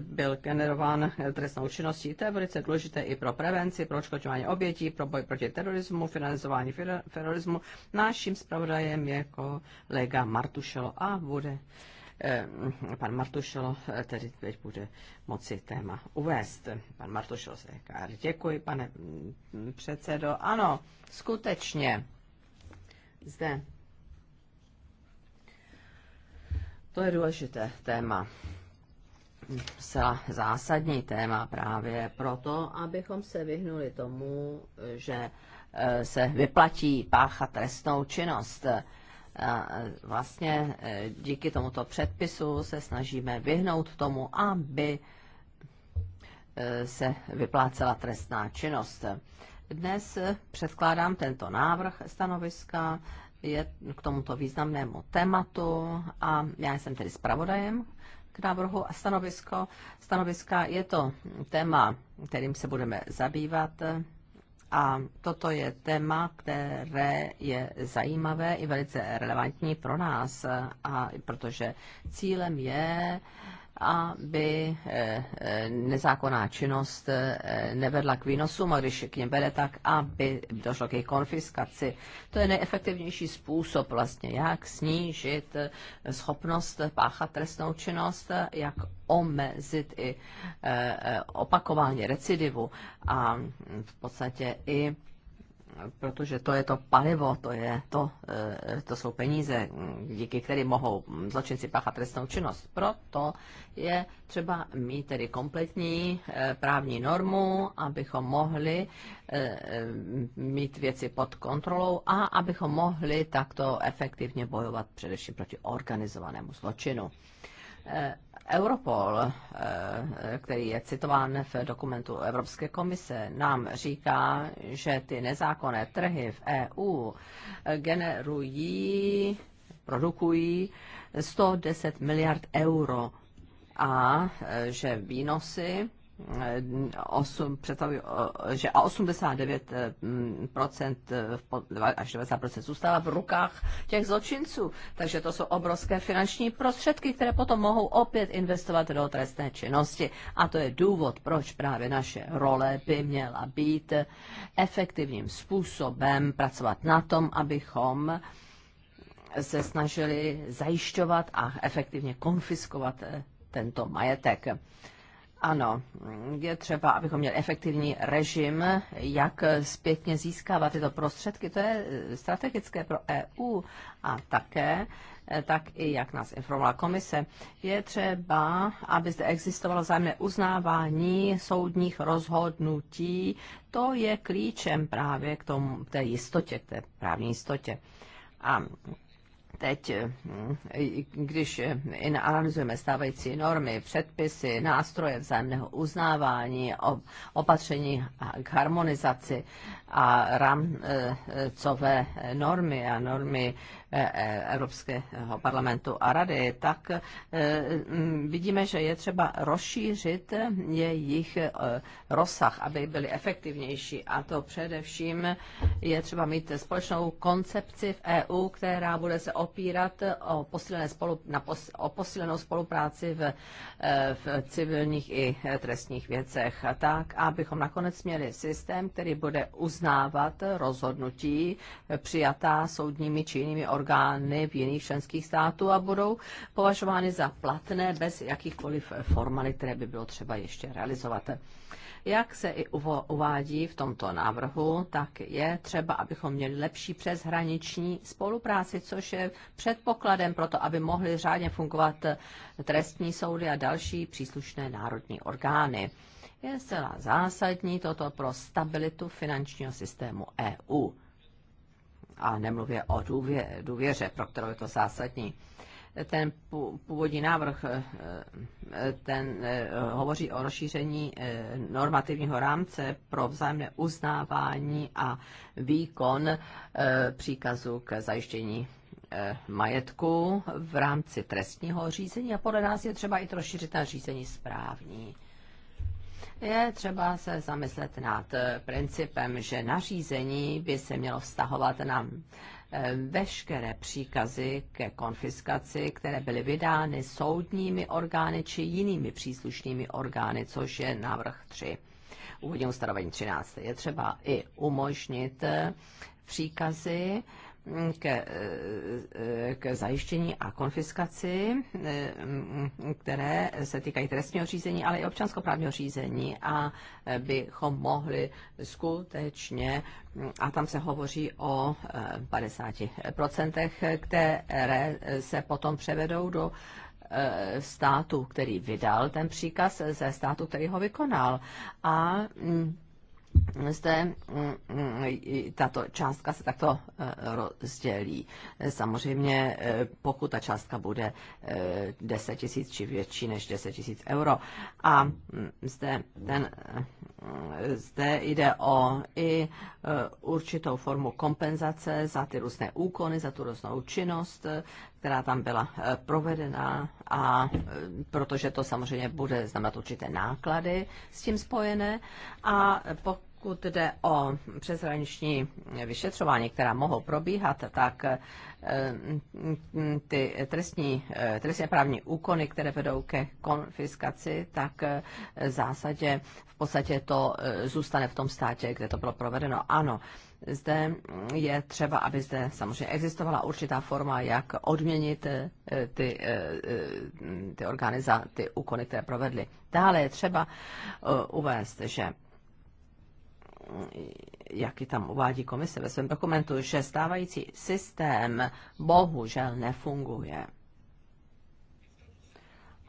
byl generován trestnou činností, to je velice důležité i pro prevenci, pro očkodňování obětí, pro boj proti terorismu, financování terorismu. Naším zpravodajem je kolega Martušelo a bude Eh, pan Martušel eh, tedy teď bude moci téma uvést. Pan Martušel se říká, děkuji, pane mm, předsedo. Ano, skutečně. Zde. To je důležité téma. Zcela zásadní téma právě proto, abychom se vyhnuli tomu, že eh, se vyplatí páchat trestnou činnost a e, vlastně e, díky tomuto předpisu se snažíme vyhnout tomu, aby e, se vyplácela trestná činnost. Dnes předkládám tento návrh stanoviska je k tomuto významnému tématu a já jsem tedy zpravodajem k návrhu a stanovisko. Stanoviska je to téma, kterým se budeme zabývat a toto je téma, které je zajímavé i velice relevantní pro nás, a protože cílem je aby eh, eh, nezákonná činnost eh, nevedla k výnosům a když k něm vede, tak aby došlo k jejich konfiskaci. To je nejefektivnější způsob vlastně, jak snížit schopnost páchat trestnou činnost, jak omezit i opakování recidivu a v podstatě i protože to je to palivo, to, je to, e, to jsou peníze, díky kterým mohou zločinci páchat trestnou činnost. Proto je třeba mít tedy kompletní e, právní normu, abychom mohli e, mít věci pod kontrolou a abychom mohli takto efektivně bojovat především proti organizovanému zločinu Europol, eh, který je citován v dokumentu Evropské komise, nám říká, že ty nezákonné trhy v EU generují, produkují 110 miliard euro a eh, že výnosy 8, eh, představují, že a 89% eh, mm, eh, až 90% zůstává v rukách těch zločinců. Takže to jsou obrovské finanční prostředky, které potom mohou opět investovat do trestné činnosti. A to je důvod, proč právě naše role by měla být efektivním způsobem pracovat na tom, abychom se snažili zajišťovat a efektivně konfiskovat tento majetek. Ano, je třeba, abychom měli efektivní režim, jak zpětně získávat tyto prostředky. To je eh, strategické pro EU a také eh, tak i jak nás informovala komise, je třeba, aby zde existovalo zájemné uznávání soudních rozhodnutí. To je klíčem právě k, tomu, té jistotě, k té právní jistotě. A teď, hm, když analyzujeme stávající normy, předpisy, nástroje vzájemného uznávání, opatření k harmonizaci a rámcové eh, eh, normy a normy E, e, Evropského parlamentu a rady, tak e, vidíme, že je třeba rozšířit jejich rozsah, aby byly efektivnější. A to především je třeba mít společnou koncepci v EU, která bude se opírat o, posilené spolu, na pos, o posilenou spolupráci v, v civilních i trestních věcech, tak abychom nakonec měli systém, který bude uznávat rozhodnutí přijatá soudními či jinými orgány orgány v jiných členských států a budou považovány za platné bez jakýchkoliv formalit, které by bylo třeba ještě realizovat. Jak se i uvádí v tomto návrhu, tak je třeba, abychom měli lepší přeshraniční spolupráci, což je předpokladem pro to, aby mohly řádně fungovat trestní soudy a další příslušné národní orgány. Je zcela zásadní toto pro stabilitu finančního systému EU a nemluvě o důvě, důvěře, pro kterou je to zásadní. Ten původní návrh eh, ten eh, hovoří o rozšíření eh, normativního rámce pro vzájemné uznávání a výkon příkazu k zajištění majetku v rámci trestního řízení a podle nás je třeba i to rozšířit na řízení správní je třeba se zamyslet nad eh, principem, že nařízení by se mělo vztahovat na eh, veškeré příkazy ke konfiskaci, které byly vydány soudními orgány či jinými příslušnými orgány, což je návrh 3. Úvodní ustanovení 13. Je třeba i umožnit eh, příkazy, ke, k zajištění a konfiskaci, které se týkají trestního řízení, ale i občanskoprávního řízení, a bychom mohli skutečně, a tam se hovoří o 50%, které se potom převedou do eh, státu, který vydal ten příkaz, ze státu, který ho vykonal. A mm, zde mm, mm, tato částka se takto eh, rozdělí. Samozřejmě, eh, pokud ta částka bude 10 eh, tisíc či větší než 10 tisíc euro. A mm, zde, ten, zde jde o i Eh, určitou formu kompenzace za ty různé úkony, za tu různou činnost, eh, která tam byla eh, provedena a protože to samozřejmě bude znamenat určité náklady s tím spojené a pokud pokud jde o přeshraniční vyšetřování, která mohou probíhat, tak mm, ty trestní, trestně právní úkony, které vedou ke konfiskaci, tak v zásadě podstatě to e, zůstane v tom státě, kde to bylo provedeno. Ano, zde je třeba, aby zde samozřejmě existovala určitá forma, jak odměnit e, ty, e, ty orgány za ty úkony, které provedly. Dále je třeba uvést, že jaký tam uvádí komise ve svém dokumentu, že stávající systém bohužel nefunguje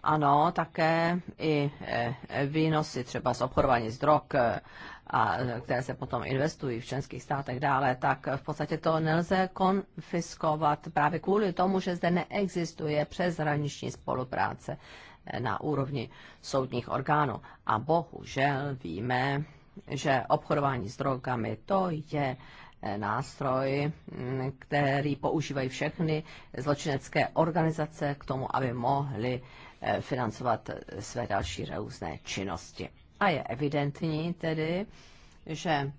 ano, také i e, výnosy třeba z obchodování z drog, e, a, které se potom investují v členských státech dále, tak v podstatě to nelze konfiskovat právě kvůli tomu, že zde neexistuje přeshraniční spolupráce e, na úrovni soudních orgánů. A bohužel víme, že obchodování s drogami to je nástroj, který používají všechny zločinecké organizace k tomu, aby mohly Eh, financovat eh, své další různé činnosti. A je evidentní tedy, že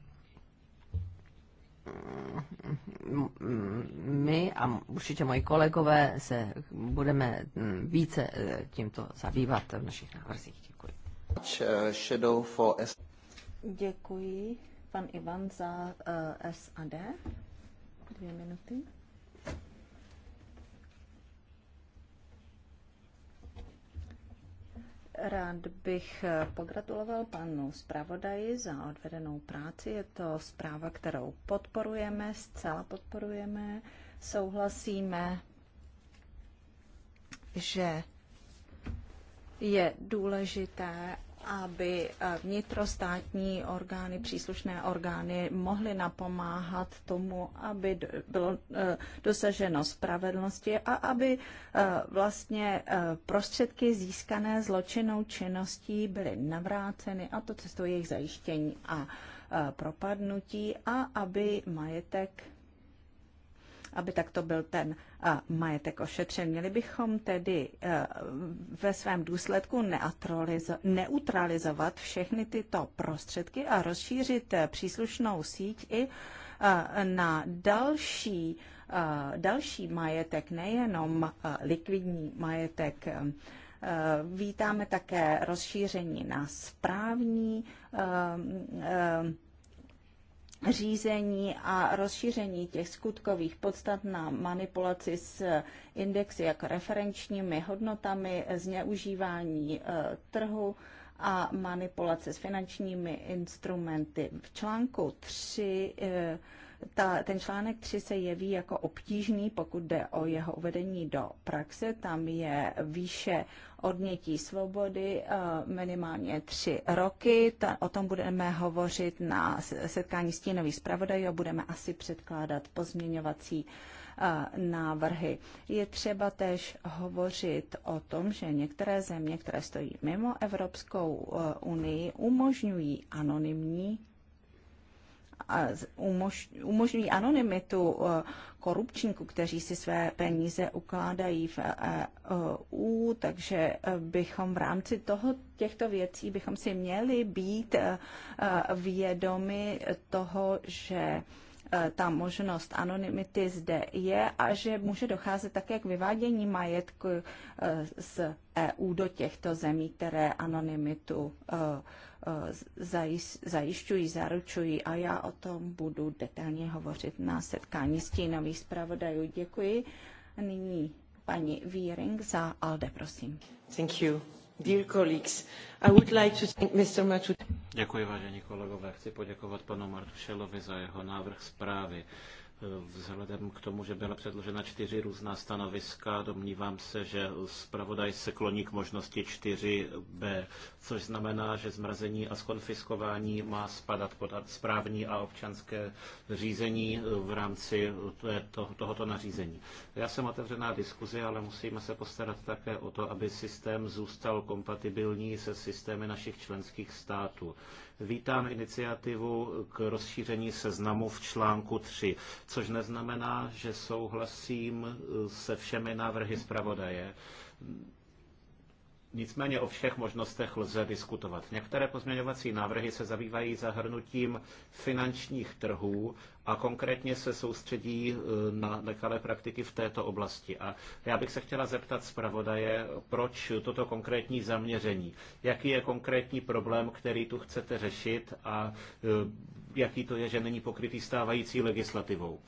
mm, my a určitě moji kolegové se budeme mm, více eh, tímto zabývat v našich návrzích. Děkuji. Děkuji, pan Ivan, za uh, SAD. Dvě minuty. Rád bych eh, pogratuloval panu zpravodaji za odvedenou práci. Je to zpráva, kterou podporujeme, zcela podporujeme, souhlasíme, že je důležité, aby eh, vnitrostátní orgány, příslušné orgány mohly napomáhat tomu, aby bylo eh, dosaženo spravedlnosti a aby eh, vlastně prostředky získané zločinnou činností byly navráceny a to cestou jejich zajištění a propadnutí a aby majetek aby takto byl ten majetek ošetřen. Měli bychom tedy e, ve svém důsledku neutralizovat všechny tyto prostředky a rozšířit e, příslušnou síť i e, na další, další majetek, nejenom likvidní majetek. Vítáme také rozšíření na správní řízení a rozšíření těch skutkových podstat na manipulaci s indexy jako referenčními hodnotami, zneužívání e, trhu a manipulace s finančními instrumenty. V článku 3 ta, ten článek 3 se jeví jako obtížný, pokud jde o jeho uvedení do praxe. Tam je výše odnětí svobody eh, minimálně tři roky. Ta, o tom budeme hovořit na setkání stínových zpravodajů a budeme asi předkládat pozměňovací eh, návrhy. Je třeba tež hovořit o tom, že některé země, které stojí mimo Evropskou eh, unii, umožňují anonymní umožňují anonymitu uh, korupčníků, kteří si své peníze ukládají v uh, EU, takže uh, bychom v rámci toho, těchto věcí bychom si měli být vědomi toho, že E, ta možnost anonymity zde je a že může docházet také k vyvádění majetku e, z EU do těchto zemí, které anonymitu e, zajišťují, zaručují a já o tom budu detailně hovořit na setkání stínových zpravodajů. Děkuji. Nyní paní Víring za ALDE, prosím. Thank you vážení kolegové. Chci poděkovat panu Martušelovi za jeho návrh zprávy. Vzhledem k tomu, že byla předložena čtyři různá stanoviska, domnívám se, že zpravodaj se kloní k možnosti 4b, což znamená, že zmrazení a skonfiskování má spadat pod správní a občanské řízení v rámci tohoto nařízení. Já jsem otevřená diskuzi, ale musíme se postarat také o to, aby systém zůstal kompatibilní se systémy našich členských států. Vítám iniciativu k rozšíření seznamu v článku 3, což neznamená, že souhlasím se všemi návrhy zpravodaje Nicméně o všech možnostech lze diskutovat. Některé pozměňovací návrhy se zabývají zahrnutím finančních trhů a konkrétně se soustředí e, na nekalé praktiky v této oblasti. A já bych se chtěla zeptat zpravodaje, proč toto konkrétní zaměření? Jaký je konkrétní problém, který tu chcete řešit a e, jaký to je, že není pokrytý stávající legislativou?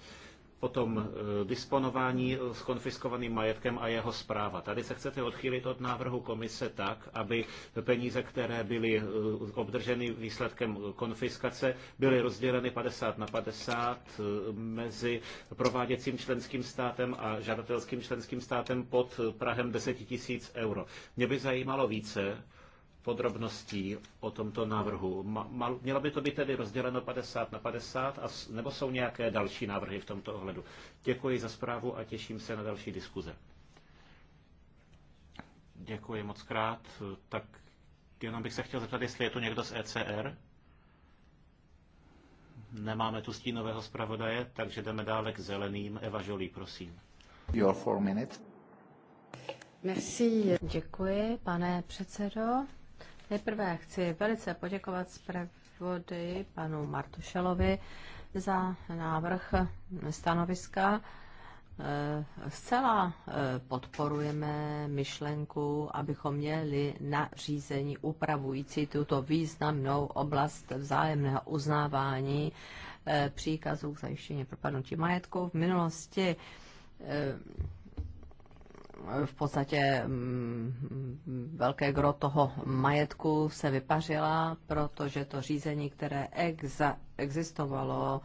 Potom eh, disponování s konfiskovaným majetkem a jeho zpráva. Tady se chcete odchylit od návrhu komise tak, aby peníze, které byly eh, obdrženy výsledkem konfiskace, byly rozděleny 50 na 50 eh, mezi prováděcím členským státem a žadatelským členským státem pod Prahem 10 000 euro. Mě by zajímalo více, podrobností o tomto návrhu. Mělo by to být tedy rozděleno 50 na 50, a, nebo jsou nějaké další návrhy v tomto ohledu? Děkuji za zprávu a těším se na další diskuze. Děkuji moc krát. Tak jenom bych se chtěl zeptat, jestli je tu někdo z ECR. Nemáme tu stínového zpravodaje, takže jdeme dále k zeleným. Eva Žolí, prosím. Your four minutes. Merci. Děkuji, pane předsedo. Nejprve chci velice poděkovat zpravodaji panu Martušelovi za návrh stanoviska. Eh, zcela eh, podporujeme myšlenku, abychom měli na řízení upravující tuto významnou oblast vzájemného uznávání eh, příkazů k zajištění propadnutí majetku. V minulosti v podstatě mm, velké gro toho majetku se vypařila, protože to řízení, které exa, existovalo,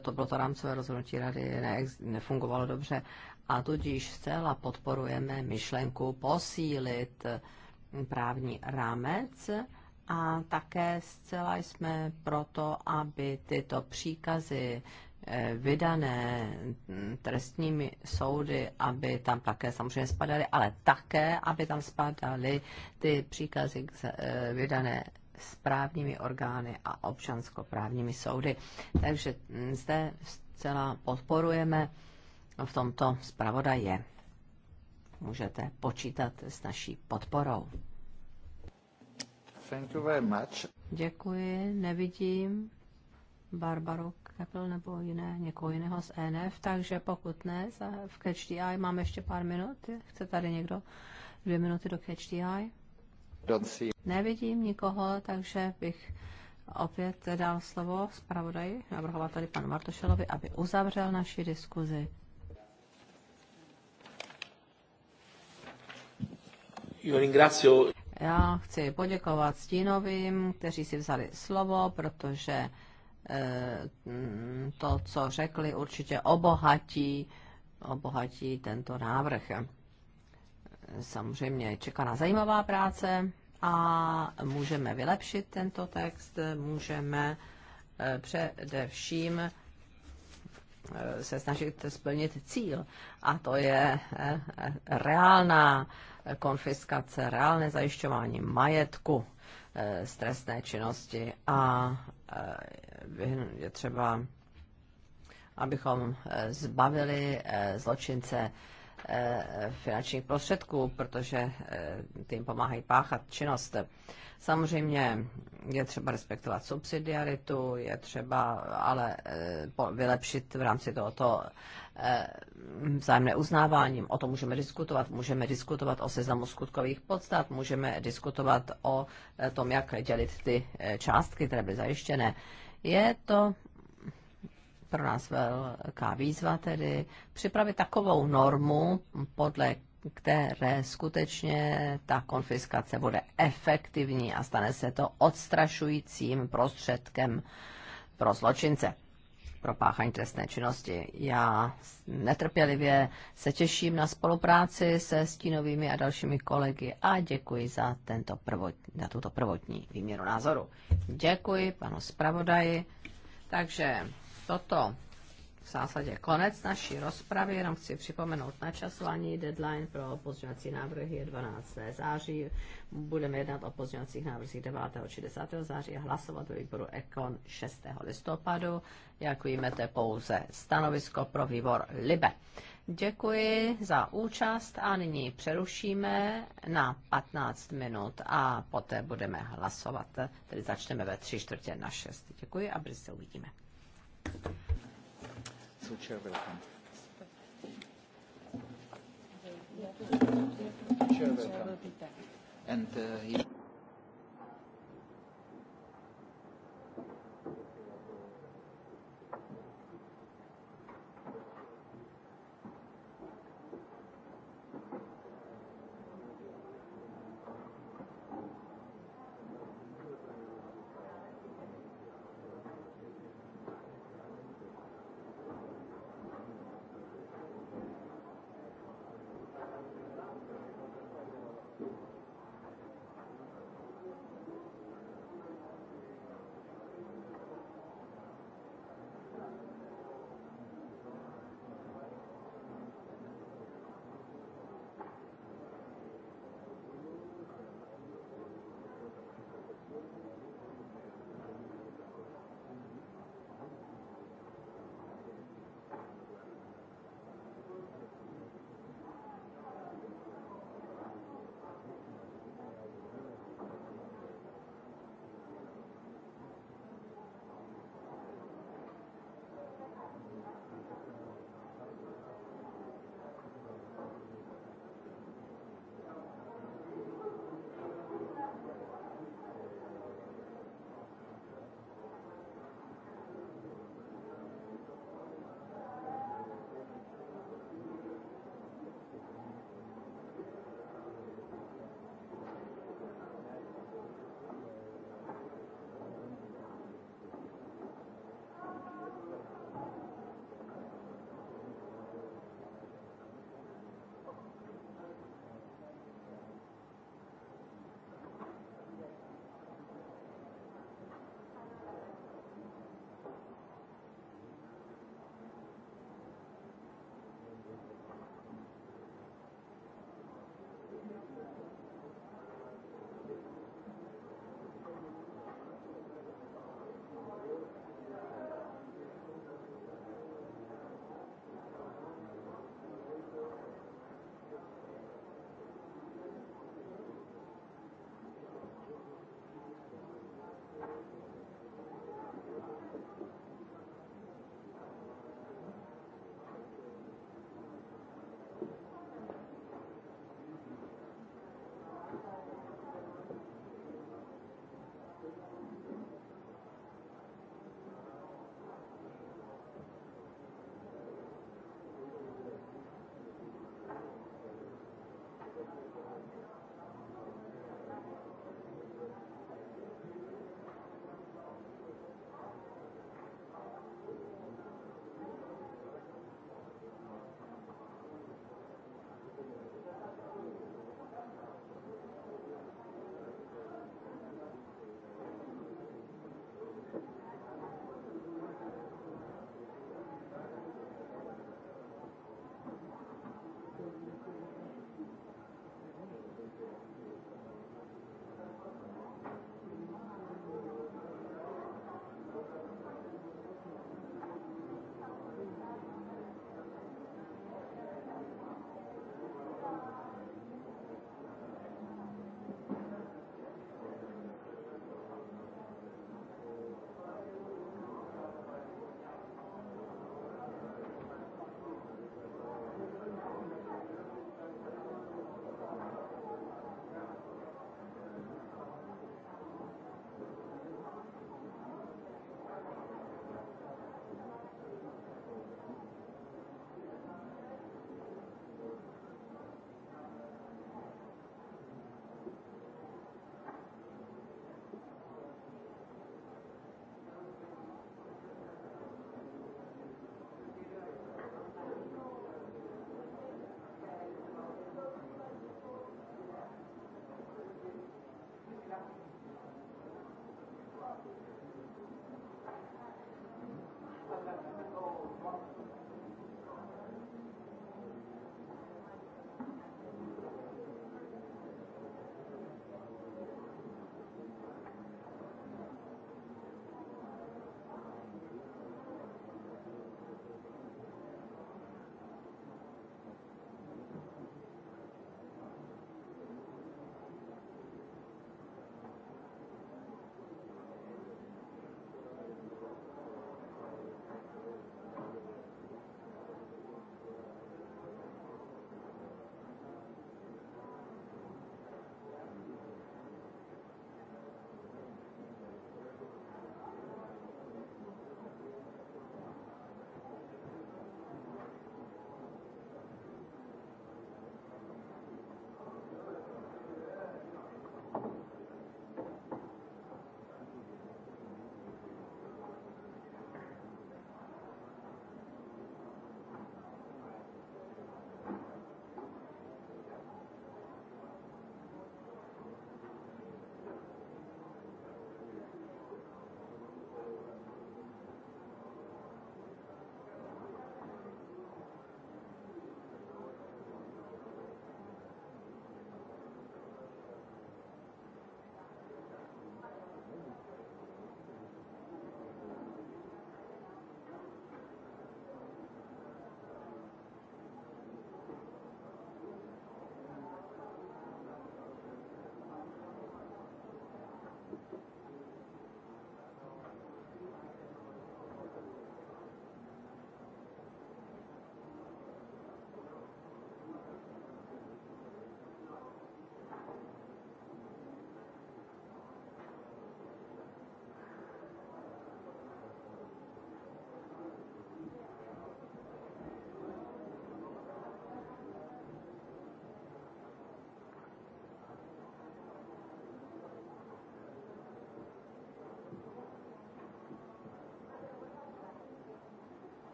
to bylo to rámcové rozhodnutí rady, ne, nefungovalo dobře. A tudíž zcela podporujeme myšlenku posílit právní rámec a také zcela jsme proto, aby tyto příkazy Eh, vydané trestními soudy, aby tam také samozřejmě spadaly, ale také, aby tam spadaly ty příkazy eh, vydané správními orgány a občanskoprávními soudy. Takže hm, zde zcela podporujeme v tomto zpravodaje. Můžete počítat s naší podporou. Thank you very much. Děkuji, nevidím Barbaru Apple nebo jiné, někoho jiného z ENF, takže pokud ne, v Catch the Eye máme ještě pár minut. Chce tady někdo dvě minuty do Catch the Eye? Nevidím nikoho, takže bych opět dal slovo zpravodaji, tady panu Martošelovi, aby uzavřel naši diskuzi. Já chci poděkovat stínovým, kteří si vzali slovo, protože Eh, to, co řekli, určitě obohatí, obohatí tento návrh. Samozřejmě čeká na zajímavá práce a můžeme vylepšit tento text, můžeme eh, především eh, se snažit splnit cíl, a to je reálná konfiskace, reálné zajišťování majetku z trestné činnosti a je třeba, abychom eh, zbavili eh, zločince eh, finančních prostředků, protože ty jim pomáhají páchat činnost. Samozřejmě je třeba respektovat subsidiaritu, je třeba ale eh, vylepšit v rámci tohoto eh, vzájemné uznáváním. O tom můžeme diskutovat. Můžeme diskutovat o seznamu skutkových podstat, můžeme diskutovat o eh, tom, jak dělit ty částky, které byly zajištěné. Je to pro nás velká výzva tedy připravit takovou normu, podle které skutečně ta konfiskace bude efektivní a stane se to odstrašujícím prostředkem pro zločince pro páchaní trestné činnosti. Já netrpělivě se těším na spolupráci se stínovými a dalšími kolegy a děkuji za, tento prvot, za tuto prvotní výměru názoru. Děkuji panu zpravodaji. Takže toto v zásadě konec naší rozpravy, jenom chci připomenout načasování. Deadline pro pozměňovací návrhy je 12. září. Budeme jednat o pozměňovacích návrzích 9. či 10. září a hlasovat ve výboru EKON 6. listopadu. Jak víme, to je pouze stanovisko pro výbor LIBE. Děkuji za účast a nyní přerušíme na 15 minut a poté budeme hlasovat. Tedy začneme ve 3 čtvrtě na 6. Děkuji a brzy se uvidíme. So chair welcome. Chair welcome. And uh, he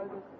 Thank you.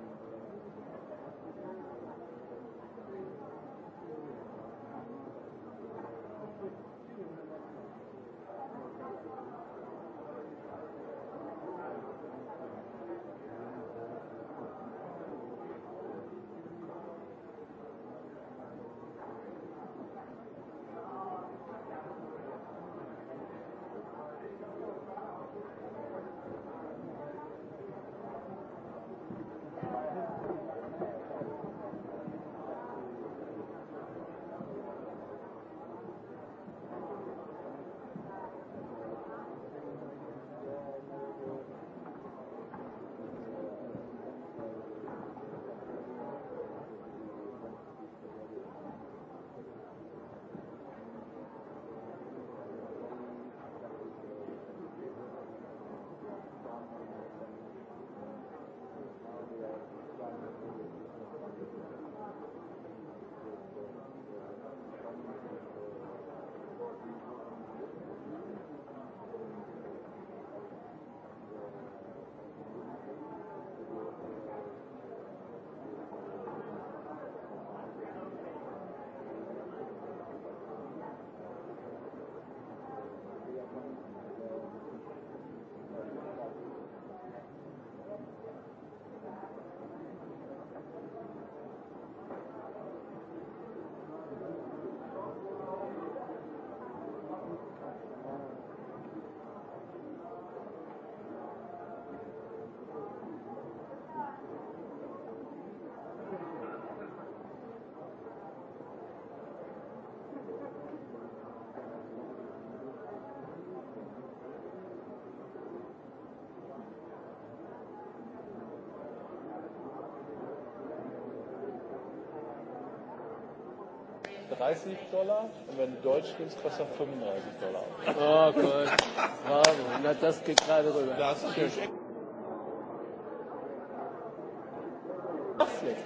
30 Dollar und wenn du Deutsch nimmst, kostet er 35 Dollar. Oh Gott, Wahnsinn. Na, das geht gerade rüber. Das ist schön.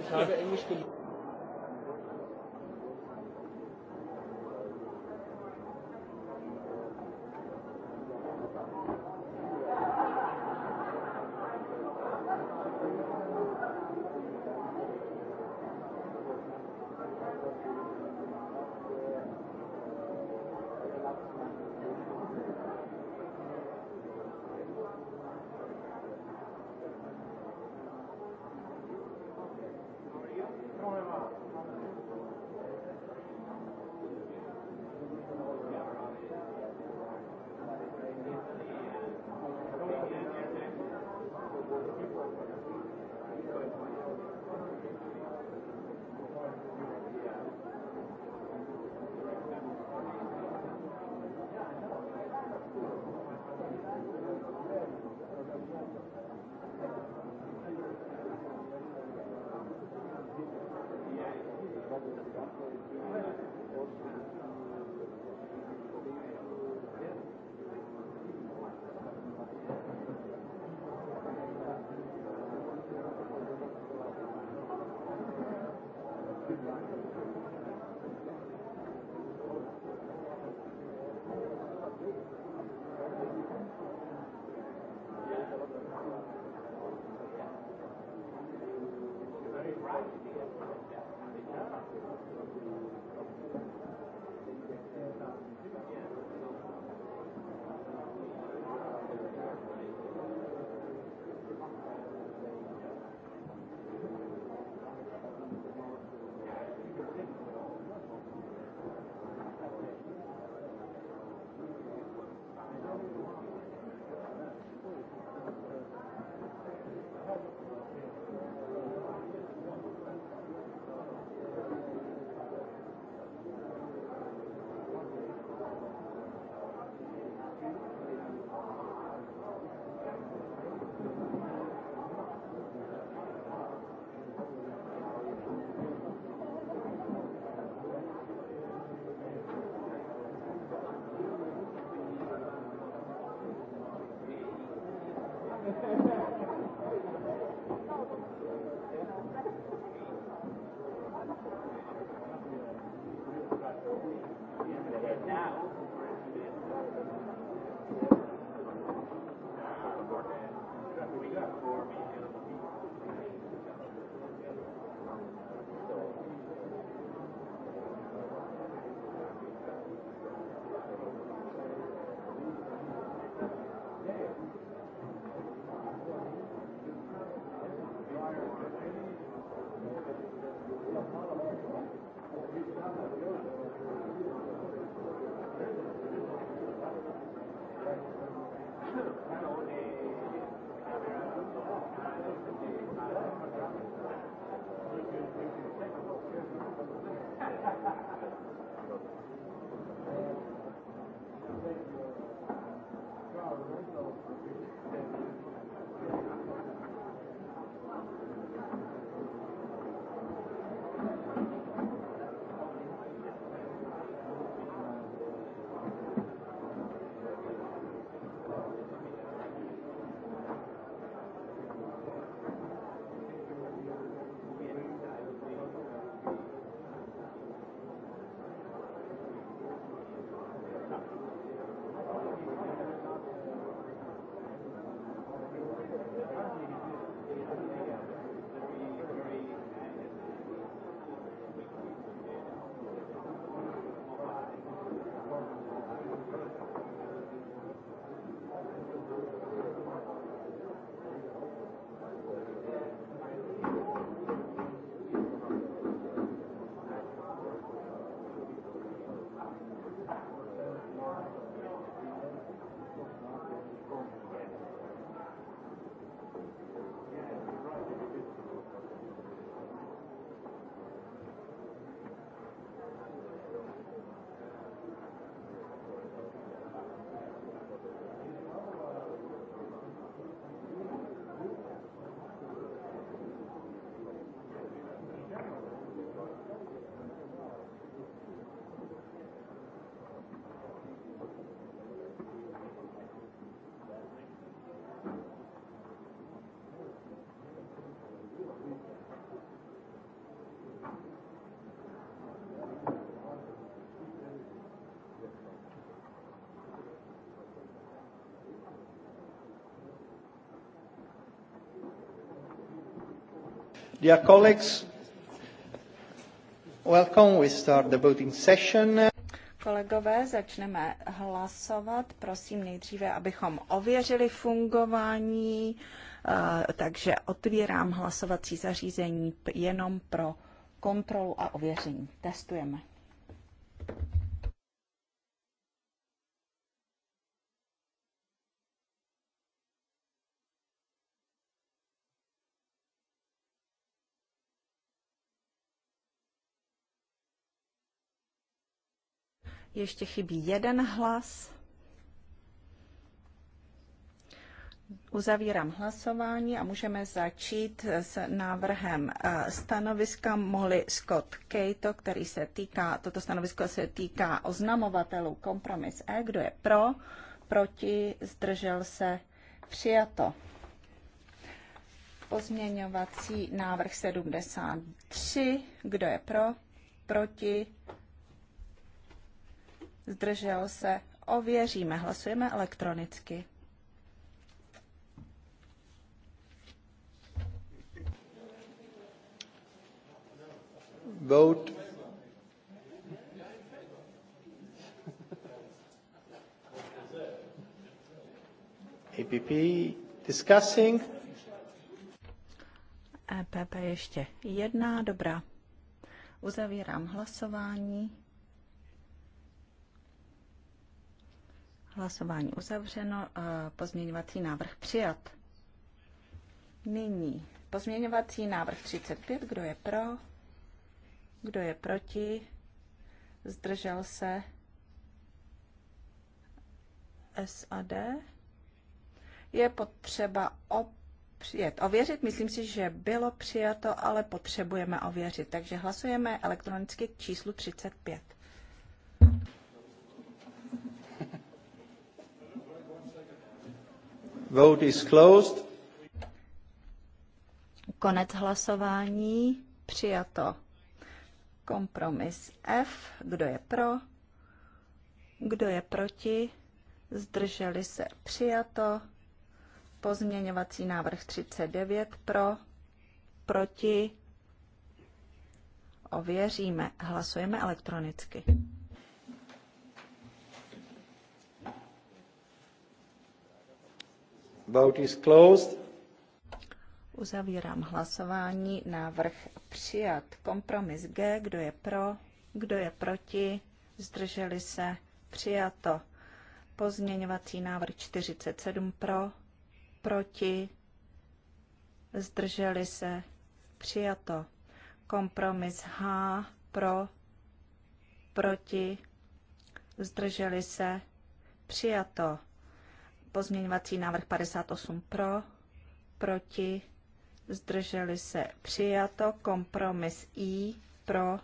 Ich habe Englisch gelernt. Dear colleagues, welcome. We start the voting session. Kolegové, začneme hlasovat. Prosím nejdříve, abychom ověřili fungování, eh, takže otvírám hlasovací zařízení jenom pro kontrolu a ověření. Testujeme. Ještě chybí jeden hlas. Uzavírám hlasování a můžeme začít s návrhem eh, stanoviska Molly Scott Kato, který se týká, toto stanovisko se týká oznamovatelů kompromis E. Kdo je pro, proti, zdržel se, přijato. Pozměňovací návrh 73. Kdo je pro, proti, zdržel se, ověříme, hlasujeme elektronicky. Vote. APP discussing. EPP ještě jedna, dobrá. Uzavírám hlasování. Hlasování uzavřeno, pozměňovací návrh přijat. Nyní pozměňovací návrh 35, kdo je pro, kdo je proti, zdržel se SAD. Je potřeba opřijet, ověřit, myslím si, že bylo přijato, ale potřebujeme ověřit, takže hlasujeme elektronicky k číslu 35. Vote is closed. Konec hlasování. Přijato. Kompromis F. Kdo je pro? Kdo je proti? Zdrželi se. Přijato. Pozměňovací návrh 39 pro, proti. Ověříme. Hlasujeme elektronicky. Vote is closed. Uzavírám hlasování. Návrh přijat. Kompromis G. Kdo je pro? Kdo je proti? Zdrželi se? Přijato. Pozměňovací návrh 47 pro, proti, zdrželi se, přijato. Kompromis H pro, proti, zdrželi se, přijato. Pozměňovací návrh 58 pro, proti, zdrželi se přijato. Kompromis I pro,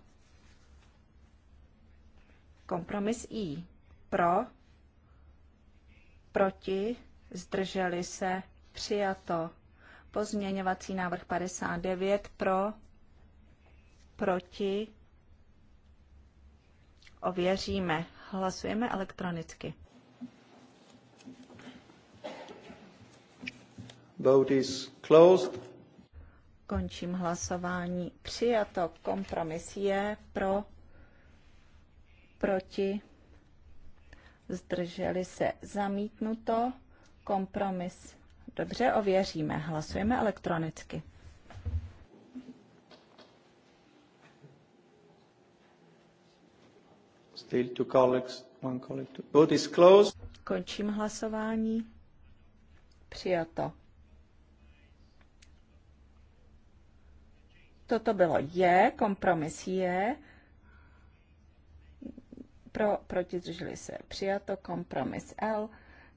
kompromis I pro, proti, zdrželi se přijato. Pozměňovací návrh 59 pro, proti, ověříme. Hlasujeme elektronicky. Vote is closed. Končím hlasování. Přijato. Kompromis je pro, proti, zdrželi se zamítnuto. Kompromis. Dobře, ověříme. Hlasujeme elektronicky. Still two colleagues, one colleague. Vote is closed. Končím hlasování. Přijato. Toto bylo je, kompromis je, pro, proti, zdrželi se, přijato, kompromis L,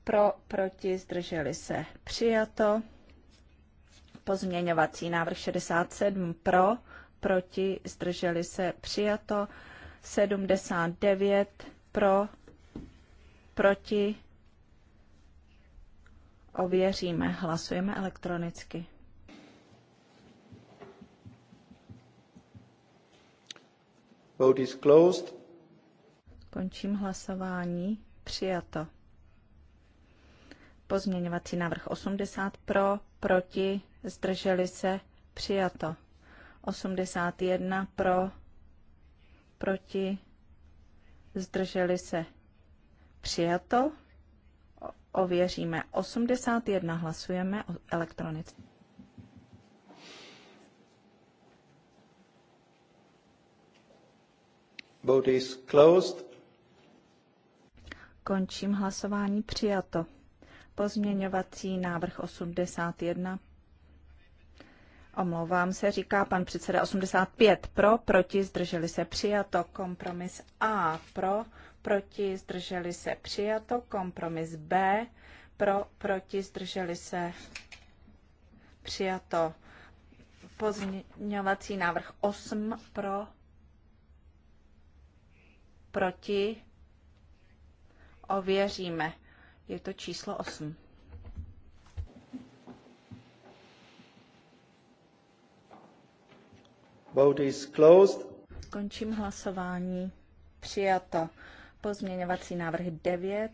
pro, proti, zdrželi se, přijato, pozměňovací návrh 67 pro, proti, zdrželi se, přijato, 79 pro, proti, ověříme, hlasujeme elektronicky. Vote is closed. Končím hlasování. Přijato. Pozměňovací návrh 80 pro, proti, zdrželi se, přijato. 81 pro, proti, zdrželi se, přijato. Ověříme 81, hlasujeme elektronicky. Vote is closed. Končím hlasování přijato. Pozměňovací návrh 81. Omlouvám se, říká pan předseda 85 pro, proti, zdrželi se přijato, kompromis A pro, proti, zdrželi se přijato, kompromis B pro, proti, zdrželi se přijato. Pozměňovací návrh 8 pro, proti, ověříme. Je to číslo 8. Vote is closed. Končím hlasování. Přijato. Pozměňovací návrh 9.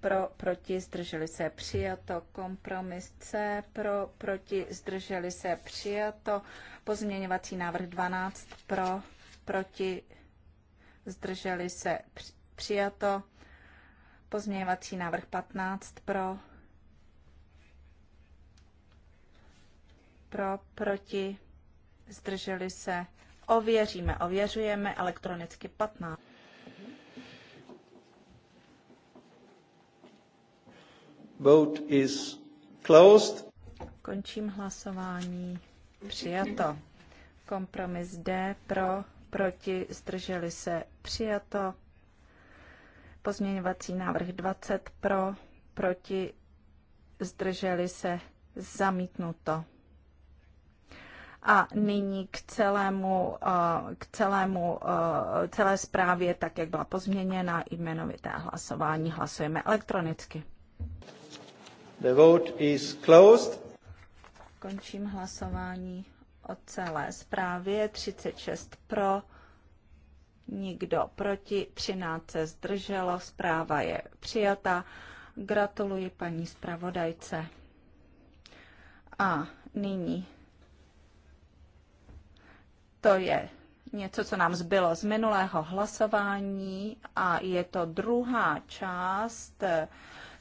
Pro, proti, zdrželi se, přijato. Kompromis C. Pro, proti, zdrželi se, přijato. Pozměňovací návrh 12. Pro, proti, zdrželi se přijato. Pozměňovací návrh 15 pro, pro, proti, zdrželi se. Ověříme, ověřujeme elektronicky 15. Vote is closed. Končím hlasování. Přijato. Kompromis D pro proti, zdrželi se, přijato. Pozměňovací návrh 20 pro, proti, zdrželi se, zamítnuto. A nyní k celému, eh, k celému, eh, celé zprávě, tak jak byla pozměněna, jmenovité hlasování hlasujeme elektronicky. The vote is closed. Končím hlasování o celé zprávě, 36 pro, nikdo proti, 13 se zdrželo, zpráva je přijata. Gratuluji paní zpravodajce. A nyní to je něco, co nám zbylo z minulého hlasování a je to druhá část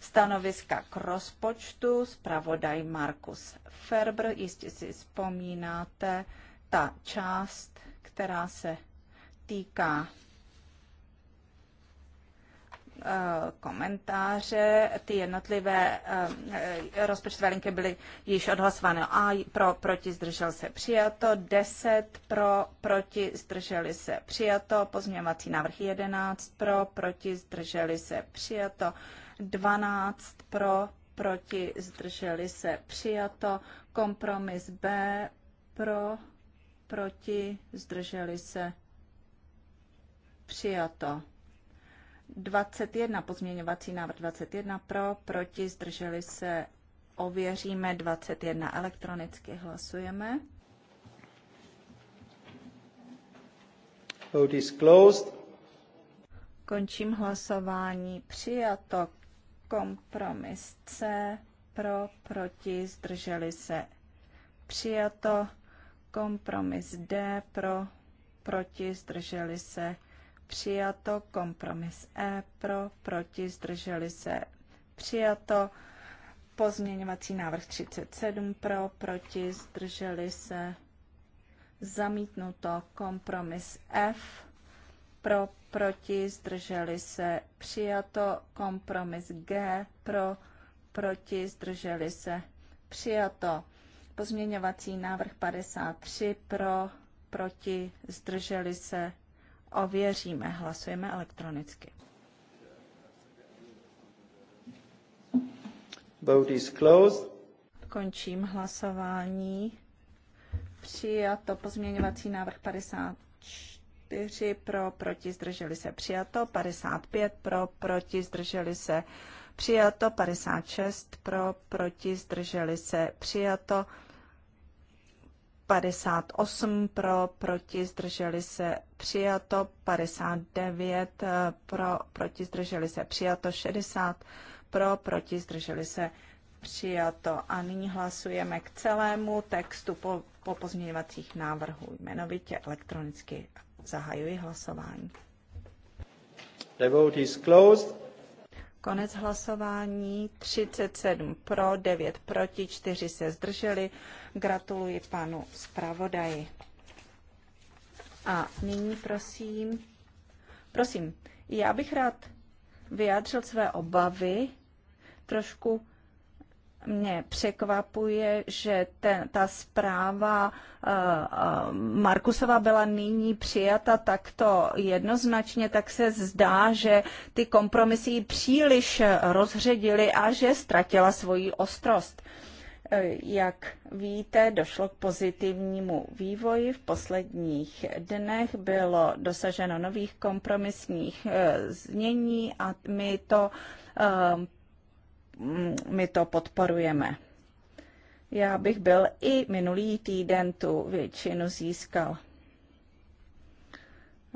stanoviska k rozpočtu, zpravodaj Markus Ferber, jistě si vzpomínáte, ta část, která se týká eh, komentáře. Ty jednotlivé eh, rozpočtové linky byly již odhlasovány. A pro, proti, zdržel se přijato. 10 pro, proti, zdrželi se přijato. Pozměňovací návrh 11 pro, proti, zdrželi se přijato. 12 pro, proti, zdrželi se, přijato. Kompromis B pro, proti, zdrželi se, přijato. 21, pozměňovací návrh 21 pro, proti, zdrželi se, ověříme 21 elektronicky, hlasujeme. Vote is closed. Končím hlasování. Přijato. Kompromis C pro, proti, zdrželi se. Přijato. Kompromis D pro, proti, zdrželi se. Přijato. Kompromis E pro, proti, zdrželi se. Přijato. Pozměňovací návrh 37 pro, proti, zdrželi se. Zamítnuto. Kompromis F pro, proti, zdrželi se, přijato, kompromis G, pro, proti, zdrželi se, přijato. Pozměňovací návrh 53, pro, proti, zdrželi se, ověříme, hlasujeme elektronicky. Vote is closed. Končím hlasování. Přijato pozměňovací návrh 54 4 pro, proti, zdrželi se přijato, 55 pro, proti, zdrželi se přijato, 56 pro, proti, zdrželi se přijato, 58 pro, proti, zdrželi se přijato, 59 eh, pro, proti, zdrželi se přijato, 60 pro, proti, zdrželi se přijato. A nyní hlasujeme k celému textu po, po pozměňovacích návrhů jmenovitě elektronicky. Zahajuji hlasování. The vote is closed. Konec hlasování 37 pro, 9 proti, 4 se zdrželi. Gratuluji panu zpravodaji. A nyní prosím, prosím, já bych rád vyjádřil své obavy trošku mě překvapuje, že ten, ta zpráva uh, Markusova byla nyní přijata takto jednoznačně, tak se zdá, že ty kompromisy ji příliš rozředily a že ztratila svoji ostrost. Eh, jak víte, došlo k pozitivnímu vývoji. V posledních dnech bylo dosaženo nových kompromisních znění a my to Mm, my to podporujeme. Já bych byl i minulý týden tu většinu získal.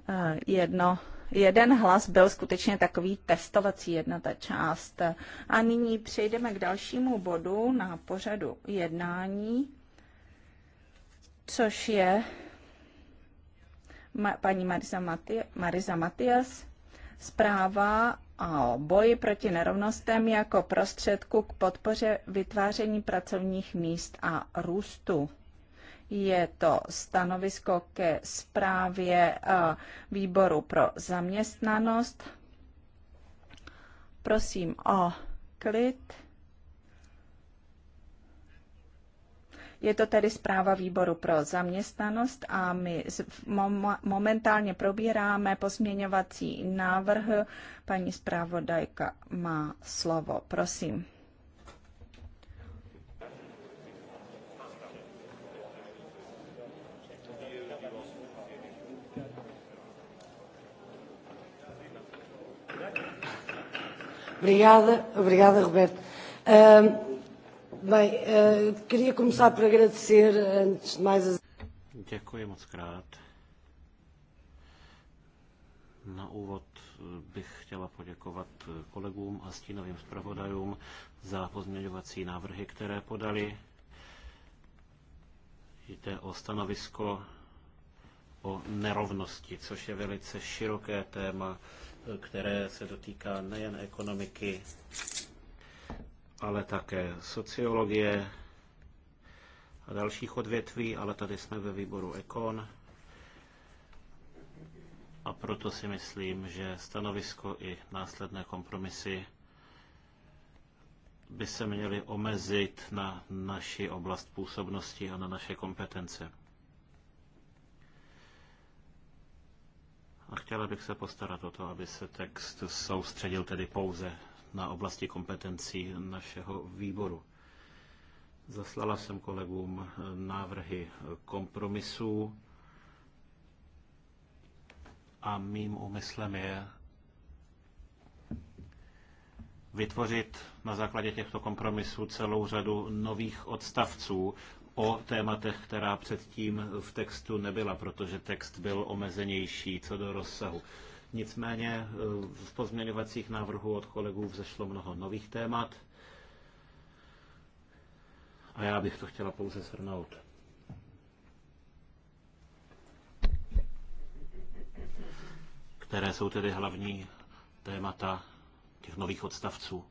Eh, jedno, jeden hlas byl skutečně takový testovací jedna ta část. A nyní přejdeme k dalšímu bodu na pořadu jednání, což je paní Marisa, Mati, Marisa Matias, zpráva a o boji proti nerovnostem jako prostředku k podpoře vytváření pracovních míst a růstu. Je to stanovisko ke zprávě eh, výboru pro zaměstnanost. Prosím o klid. Je to tedy zpráva výboru pro zaměstnanost a my momentálně probíráme pozměňovací návrh. Paní zpravodajka má slovo, prosím. Obrigada, obrigada, Roberto. Uh, Bem, uh, queria começar por agradecer, eh, antes de mais... As... Děkuji moc krát. Na úvod eh, bych chtěla poděkovat kolegům a stínovým zpravodajům za pozměňovací návrhy, které podali. Jde o stanovisko o nerovnosti, což je velice široké téma, které se dotýká nejen ekonomiky, ale také sociologie a dalších odvětví, ale tady jsme ve výboru Ekon. A proto si myslím, že stanovisko i následné kompromisy by se měly omezit na naši oblast působnosti a na naše kompetence. A chtěla bych se postarat o to, aby se text soustředil tedy pouze na oblasti kompetencí našeho výboru. Zaslala jsem kolegům návrhy kompromisů a mým úmyslem je vytvořit na základě těchto kompromisů celou řadu nových odstavců o tématech, která předtím v textu nebyla, protože text byl omezenější co do rozsahu. Nicméně eh, v pozměňovacích návrhů od kolegů vzešlo mnoho nových témat a já bych to chtěla pouze shrnout. Které jsou tedy hlavní témata těch nových odstavců?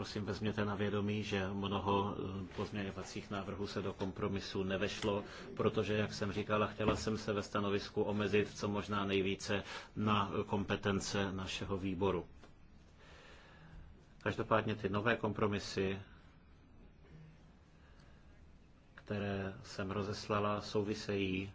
prosím vezměte na vědomí, že mnoho eh, pozměňovacích návrhů se do kompromisu nevešlo, protože, jak jsem říkala, chtěla jsem se ve stanovisku omezit co možná nejvíce na kompetence našeho výboru. Každopádně ty nové kompromisy, které jsem rozeslala, souvisejí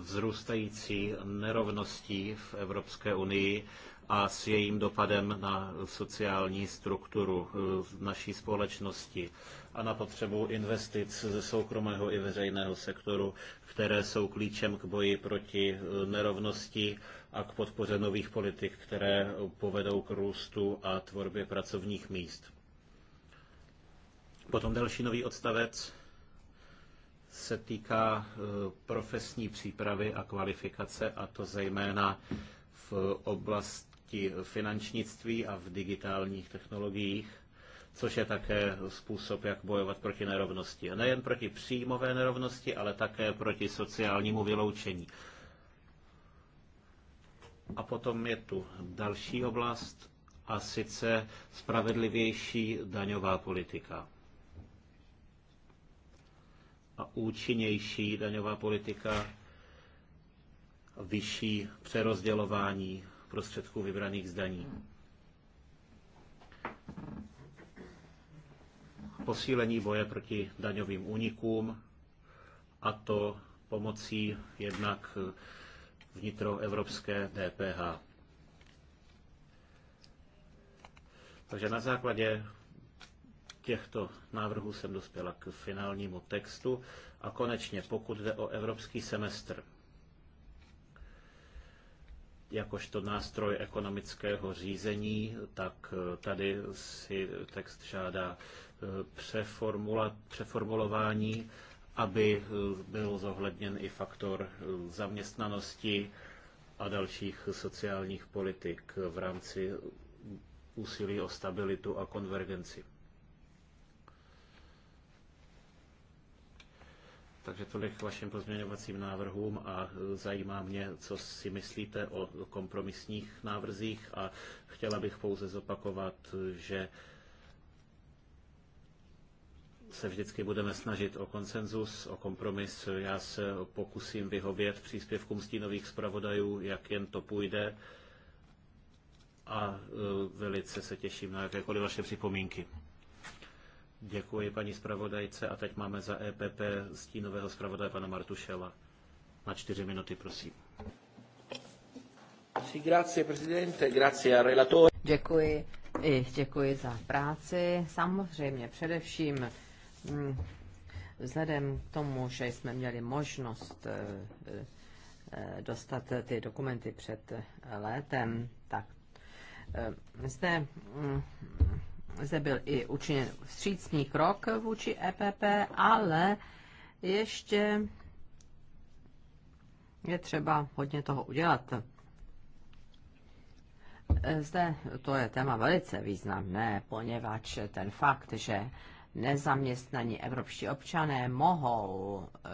vzrůstající nerovností v Evropské unii a s jejím dopadem na sociální strukturu eh, naší společnosti a na potřebu investic ze soukromého i veřejného sektoru, které jsou klíčem k boji proti eh, nerovnosti a k podpoře nových politik, které povedou k růstu a tvorbě pracovních míst. Potom další nový odstavec se týká e, profesní přípravy a kvalifikace, a to zejména v oblasti finančnictví a v digitálních technologiích, což je také způsob, jak bojovat proti nerovnosti. A nejen proti příjmové nerovnosti, ale také proti sociálnímu vyloučení. A potom je tu další oblast, a sice spravedlivější daňová politika a účinnější daňová politika, vyšší přerozdělování prostředků vybraných z daní. Posílení boje proti daňovým únikům a to pomocí jednak vnitroevropské DPH. Takže na základě těchto návrhů jsem dospěla k finálnímu textu. A konečně, pokud jde o evropský semestr, jakožto nástroj ekonomického řízení, tak eh, tady si text žádá eh, přeformulování, aby eh, byl zohledněn i faktor zaměstnanosti a dalších sociálních politik v rámci úsilí o stabilitu a konvergenci. Takže tolik k vašim pozměňovacím návrhům a e, zajímá mě, co si myslíte o kompromisních návrzích a chtěla bych pouze zopakovat, e, že se vždycky budeme snažit o konsenzus, o kompromis. Já se pokusím vyhovět příspěvkům stínových zpravodajů, jak jen to půjde. A e, velice se těším na jakékoliv vaše připomínky. Děkuji paní zpravodajce a teď máme za EPP stínového zpravodaje pana Martušela. Na čtyři minuty, prosím. Děkuji, i děkuji za práci. Samozřejmě především mm, vzhledem k tomu, že jsme měli možnost eh, eh, dostat ty dokumenty před létem, tak eh, zde mm, zde byl i učiněn vstřícný krok vůči EPP, ale ještě je třeba hodně toho udělat. Zde to je téma velice významné, poněvadž ten fakt, že nezaměstnaní evropští občané mohou e,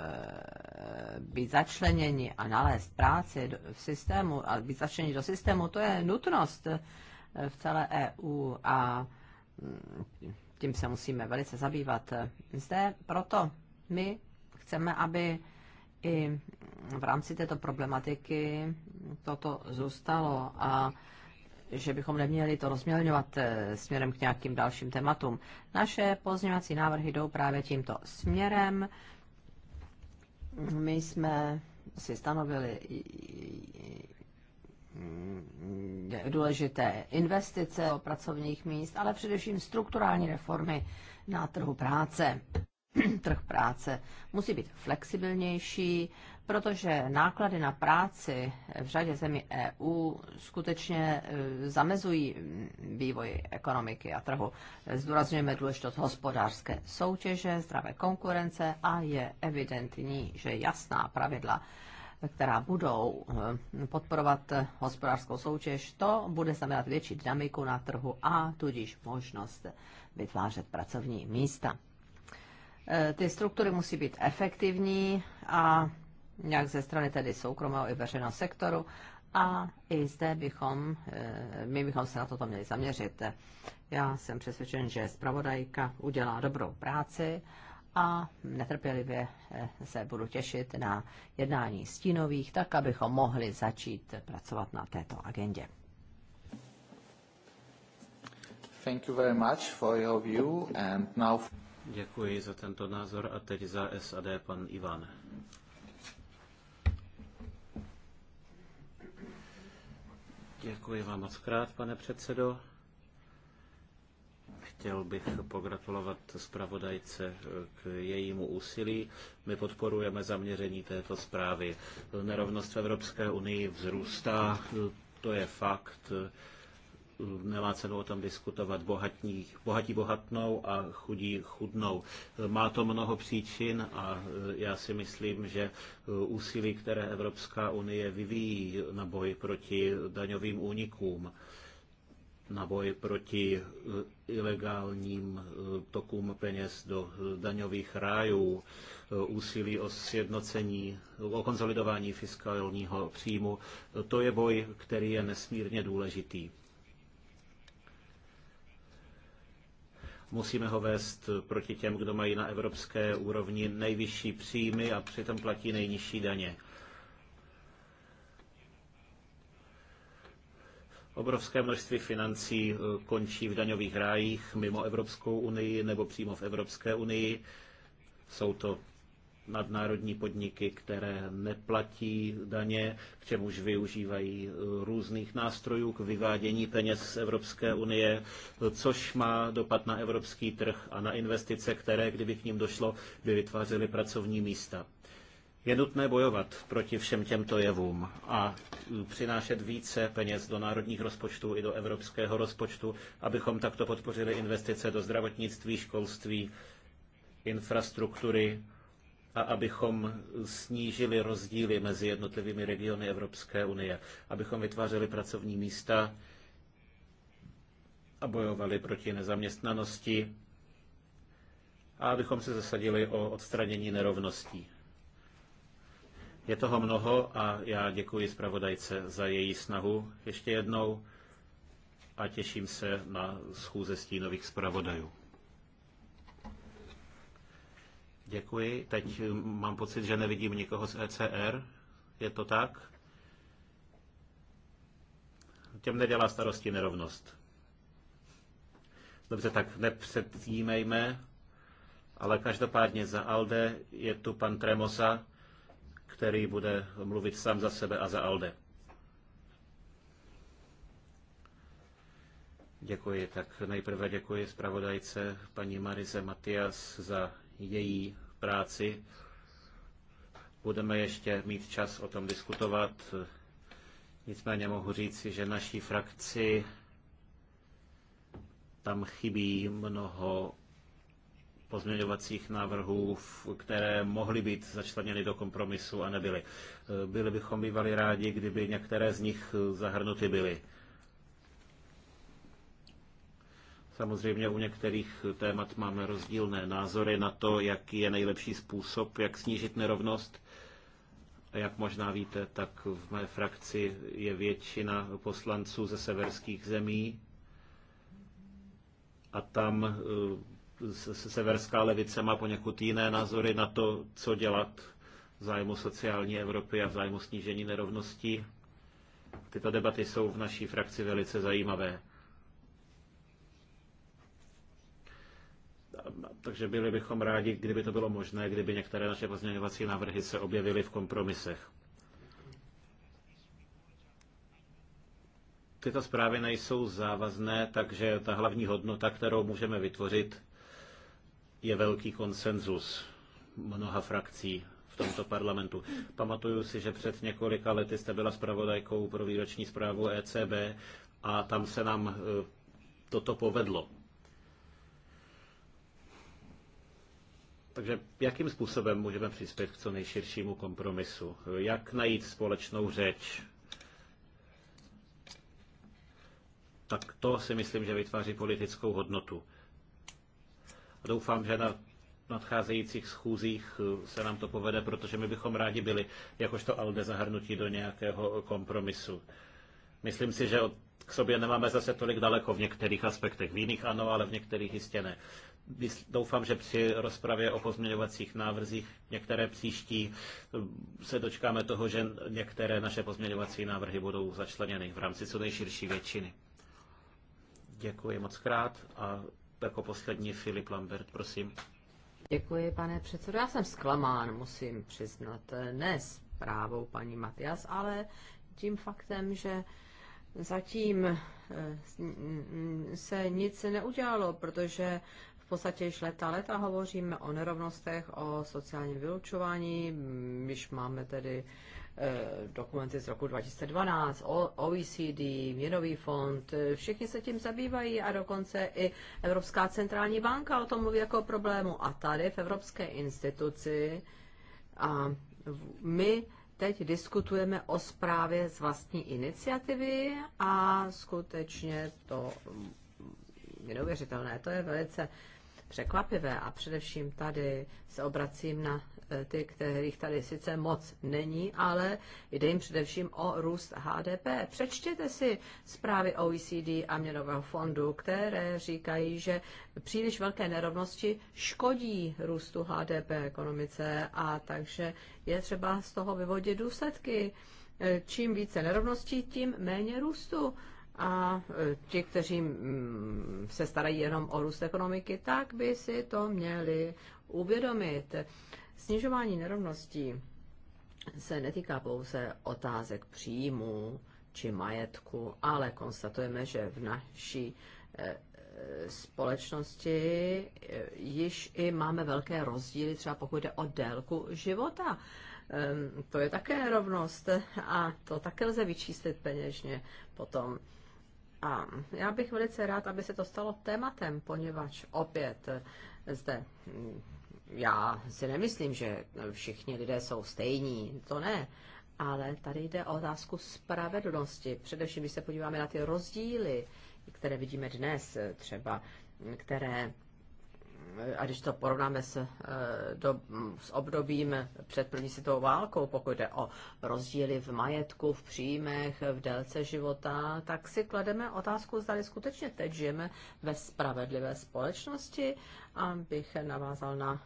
být začleněni a nalézt práci do, v systému a být začleněni do systému, to je nutnost eh, v celé EU a tím se musíme velice zabývat. Zde proto my chceme, aby i v rámci této problematiky toto zůstalo a že bychom neměli to rozmělňovat eh, směrem k nějakým dalším tématům. Naše pozměňovací návrhy jdou právě tímto směrem. My jsme si stanovili Mm, důležité investice o pracovních míst, ale především strukturální reformy na trhu práce. Trh práce musí být flexibilnější, protože náklady na práci v řadě zemí EU skutečně e, zamezují vývoj ekonomiky a trhu. Zdůrazňujeme důležitost hospodářské soutěže, zdravé konkurence a je evidentní, že jasná pravidla která budou eh, podporovat eh, hospodářskou soutěž, to bude znamenat větší dynamiku na trhu a tudíž možnost vytvářet pracovní místa. Eh, ty struktury musí být efektivní a jak ze strany tedy soukromého i veřejného sektoru a i zde bychom, my bychom se na toto měli zaměřit. Já jsem přesvědčen, že zpravodajka udělá dobrou práci a netrpělivě eh, se budu těšit na jednání stínových, tak abychom mohli začít pracovat na této agendě. Thank you very much for your view and now... Děkuji za tento názor a teď za SAD pan Ivan. Děkuji vám moc krát, pane předsedo. Chtěl bych pogratulovat zpravodajce k jejímu úsilí. My podporujeme zaměření této zprávy. Nerovnost v Evropské unii vzrůstá, to je fakt. Nemá cenu o tom diskutovat. Bohatní, bohatí bohatnou a chudí chudnou. Má to mnoho příčin a já si myslím, že úsilí, které Evropská unie vyvíjí na boj proti daňovým únikům, na boj proti eh, ilegálním eh, tokům peněz do eh, daňových rájů, úsilí o sjednocení, o konsolidování fiskálního příjmu. To je boj, který je nesmírně důležitý. musíme ho vést proti těm, kdo mají na evropské úrovni nejvyšší příjmy a přitom platí nejnižší daně. Obrovské množství financí eh, končí v daňových rájích mimo Evropskou unii nebo přímo v Evropské unii. Jsou to nadnárodní podniky, které neplatí daně, k čemuž využívají eh, různých nástrojů k vyvádění peněz z Evropské unie, což má dopad na evropský trh a na investice, které, kdyby k ním došlo, by vytvářely pracovní místa. Je nutné bojovat proti všem těmto jevům a přinášet více peněz do národních rozpočtů i do evropského rozpočtu, abychom takto podpořili investice do zdravotnictví, školství, infrastruktury a abychom snížili rozdíly mezi jednotlivými regiony Evropské unie, abychom vytvářeli pracovní místa a bojovali proti nezaměstnanosti a abychom se zasadili o odstranění nerovností. Je toho mnoho a já děkuji zpravodajce za její snahu ještě jednou a těším se na schůze stínových zpravodajů. Děkuji. Teď mám pocit, že nevidím nikoho z ECR. Je to tak? Těm nedělá starosti nerovnost. Dobře, tak nepředjímejme, ale každopádně za ALDE je tu pan Tremosa, který bude mluvit sám za sebe a za Alde. Děkuji. Tak nejprve děkuji zpravodajce paní Marize Matias za její práci. Budeme ještě mít čas o tom diskutovat. Nicméně mohu říci, že naší frakci tam chybí mnoho pozměňovacích návrhů, které mohly být začleněny do kompromisu a nebyly. Eh, byli bychom bývali rádi, kdyby některé z nich eh, zahrnuty byly. Samozřejmě u některých eh, témat máme rozdílné názory na to, jaký je nejlepší způsob, jak snížit nerovnost. A jak možná víte, tak v mé frakci je většina poslanců ze severských zemí a tam severská levice má poněkud jiné názory na to, co dělat v zájmu sociální Evropy a v zájmu snížení nerovností. Tyto debaty jsou v naší frakci velice zajímavé. Takže byli bychom rádi, kdyby to bylo možné, kdyby některé naše pozměňovací návrhy se objevily v kompromisech. Tyto zprávy nejsou závazné, takže ta hlavní hodnota, kterou můžeme vytvořit, je velký konsenzus mnoha frakcí v tomto parlamentu. Pamatuju si, že před několika lety jste byla zpravodajkou pro výroční zprávu ECB a tam se nám e, toto povedlo. Takže jakým způsobem můžeme přispět k co nejširšímu kompromisu? Jak najít společnou řeč? Tak to si myslím, že vytváří politickou hodnotu. Doufám, že na nadcházejících schůzích eh, se nám to povede, protože my bychom rádi byli jakožto ALDE zahrnutí do nějakého kompromisu. Myslím si, že k sobě nemáme zase tolik daleko v některých aspektech. V jiných ano, ale v některých jistě ne. Doufám, že při rozpravě o pozměňovacích návrzích některé příští eh, se dočkáme toho, že některé naše pozměňovací návrhy budou začleněny v rámci co nejširší většiny. Děkuji moc krát a jako poslední Filip Lambert, prosím. Děkuji, pane předsedo. Já jsem zklamán, musím přiznat, ne s právou paní Matias, ale tím faktem, že zatím eh, se nic neudělalo, protože v podstatě již leta leta hovoříme o nerovnostech, o sociálním vylučování, když máme tedy Eh, dokumenty z roku 2012, OECD, Měnový fond, eh, všichni se tím zabývají a dokonce i Evropská centrální banka o tom mluví jako o problému. A tady v Evropské instituci a my teď diskutujeme o zprávě z vlastní iniciativy a skutečně to mm, je neuvěřitelné. To je velice překvapivé a především tady se obracím na Eh, ty, kterých tady sice moc není, ale jde jim především o růst HDP. Přečtěte si zprávy OECD a Měnového fondu, které říkají, že příliš velké nerovnosti škodí růstu HDP ekonomice a takže je třeba z toho vyvodit důsledky. Eh, čím více nerovností, tím méně růstu. A eh, ti, kteří mm, se starají jenom o růst ekonomiky, tak by si to měli uvědomit. Snižování nerovností se netýká pouze otázek příjmů či majetku, ale konstatujeme, že v naší eh, eh, společnosti eh, již i máme velké rozdíly, třeba pokud jde o délku života. Ehm, to je také nerovnost a to také lze vyčíslit peněžně potom. A já bych velice rád, aby se to stalo tématem, poněvadž opět zde hm, já si nemyslím, že všichni lidé jsou stejní, to ne. Ale tady jde o otázku spravedlnosti. Především, když se podíváme na ty rozdíly, které vidíme dnes třeba, které a když to porovnáme s, eh, do, s obdobím před první světovou válkou, pokud jde o rozdíly v majetku, v příjmech, v délce života, tak si klademe otázku, zda skutečně teď žijeme ve spravedlivé společnosti, bych navázal na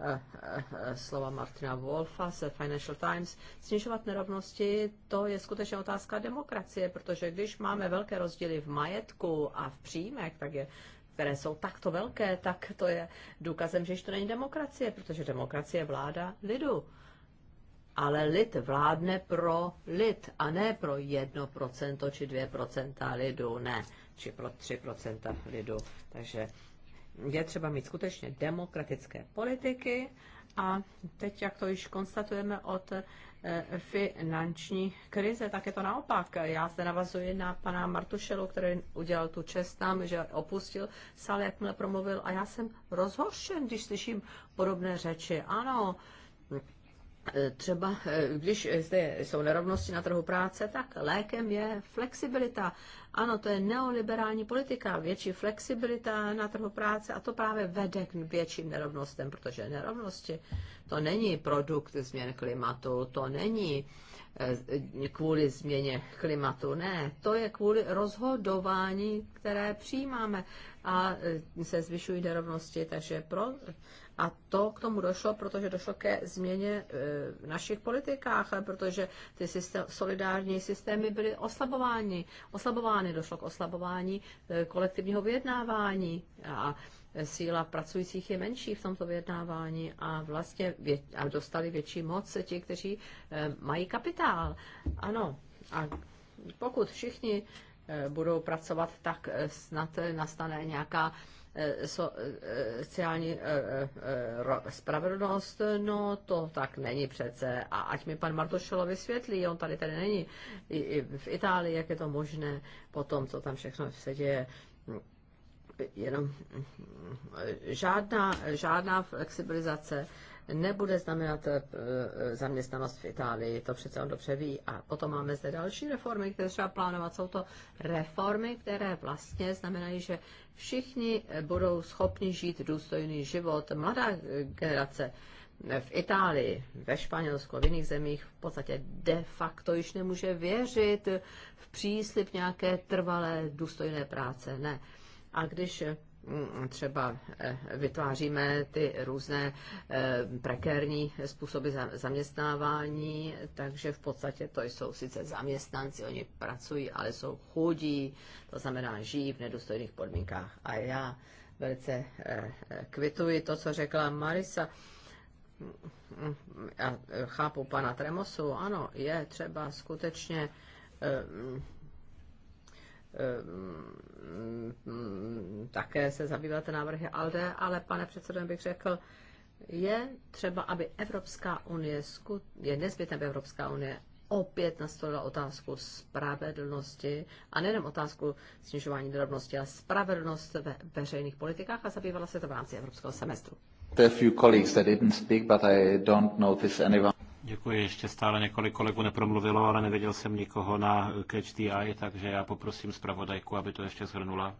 Eh, eh, slova Martina Wolfa z Financial Times, snižovat nerovnosti, to je skutečně otázka demokracie, protože když máme velké rozdíly v majetku a v příjmech, tak je které jsou takto velké, tak to je důkazem, že to není demokracie, protože demokracie vláda lidu. Ale lid vládne pro lid a ne pro 1% či 2% lidu, ne, či pro 3% lidu. Takže je třeba mít skutečně demokratické politiky a teď, jak to již konstatujeme od eh, finanční krize, tak je to naopak. Já zde navazuji na pana Martušelu, který udělal tu čest nám, že opustil sál, jakmile promluvil a já jsem rozhoršen, když slyším podobné řeči. Ano, Eh, třeba, eh, když eh, zde jsou nerovnosti na trhu práce, tak lékem je flexibilita. Ano, to je neoliberální politika, větší flexibilita na trhu práce a to právě vede k větším nerovnostem, protože nerovnosti to není produkt změn klimatu, to není kvůli změně klimatu, ne, to je kvůli rozhodování, které přijímáme a se zvyšují nerovnosti, takže pro, a to k tomu došlo, protože došlo ke změně e, v našich politikách, e, protože ty systém, solidární systémy byly oslabovány. Oslabovány, došlo k oslabování e, kolektivního vyjednávání a síla pracujících je menší v tomto vyjednávání a vlastně vě, a dostali větší moc ti, kteří mají kapitál. Ano, a pokud všichni budou pracovat, tak snad nastane nějaká Eh, eh, sociální eh, spravedlnost, no to tak není přece. A ať mi pan Martošelo vysvětlí, on tady tady není, I, i v Itálii, jak je to možné, potom, co tam všechno se děje jenom mm, mm, žádná, žádná flexibilizace nebude znamenat eh, eh, zaměstnanost v Itálii, to přece on dobře ví. A potom máme zde další reformy, které třeba plánovat. Jsou to reformy, které vlastně znamenají, že všichni eh, budou schopni žít důstojný život. Mladá generace v Itálii, ve Španělsku a v jiných zemích v podstatě de facto již nemůže věřit v příslip nějaké trvalé důstojné práce. Ne. A když Mm, třeba eh, vytváříme ty různé eh, prekérní způsoby zaměstnávání, takže v podstatě to jsou sice zaměstnanci, oni pracují, ale jsou chudí, to znamená žijí v nedůstojných podmínkách. A já velice eh, kvituji to, co řekla Marisa. Já mm, mm, chápu pana Tremosu, ano, je třeba skutečně Ehm, také se zabývat návrhy ALDE, ale pane předsedo, bych řekl, je třeba, aby Evropská unie, je nezbytné, aby Evropská unie opět nastolila otázku spravedlnosti a nejenom otázku snižování drobnosti, ale spravedlnost ve veřejných politikách a zabývala se to v rámci evropského semestru. There are a few colleagues that didn't speak, but I don't notice anyone. Děkuji. Ještě stále několik kolegů nepromluvilo, ale neviděl jsem nikoho na Catch takže já poprosím zpravodajku, aby to ještě zhrnula.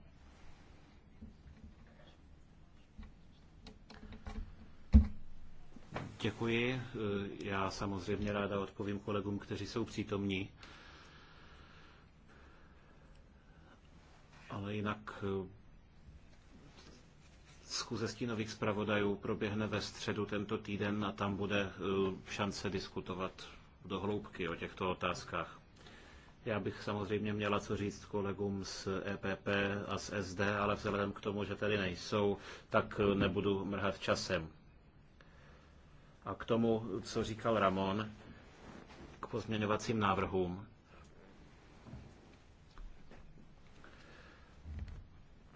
Děkuji. Já samozřejmě ráda odpovím kolegům, kteří jsou přítomní. Ale jinak Schůze stínových zpravodajů proběhne ve středu tento týden a tam bude eh, šance diskutovat do hloubky o těchto otázkách. Já bych samozřejmě měla co říct kolegům z EPP a z SD, ale vzhledem k tomu, že tady nejsou, tak eh, nebudu mrhat časem. A k tomu, co říkal Ramon, k pozměňovacím návrhům.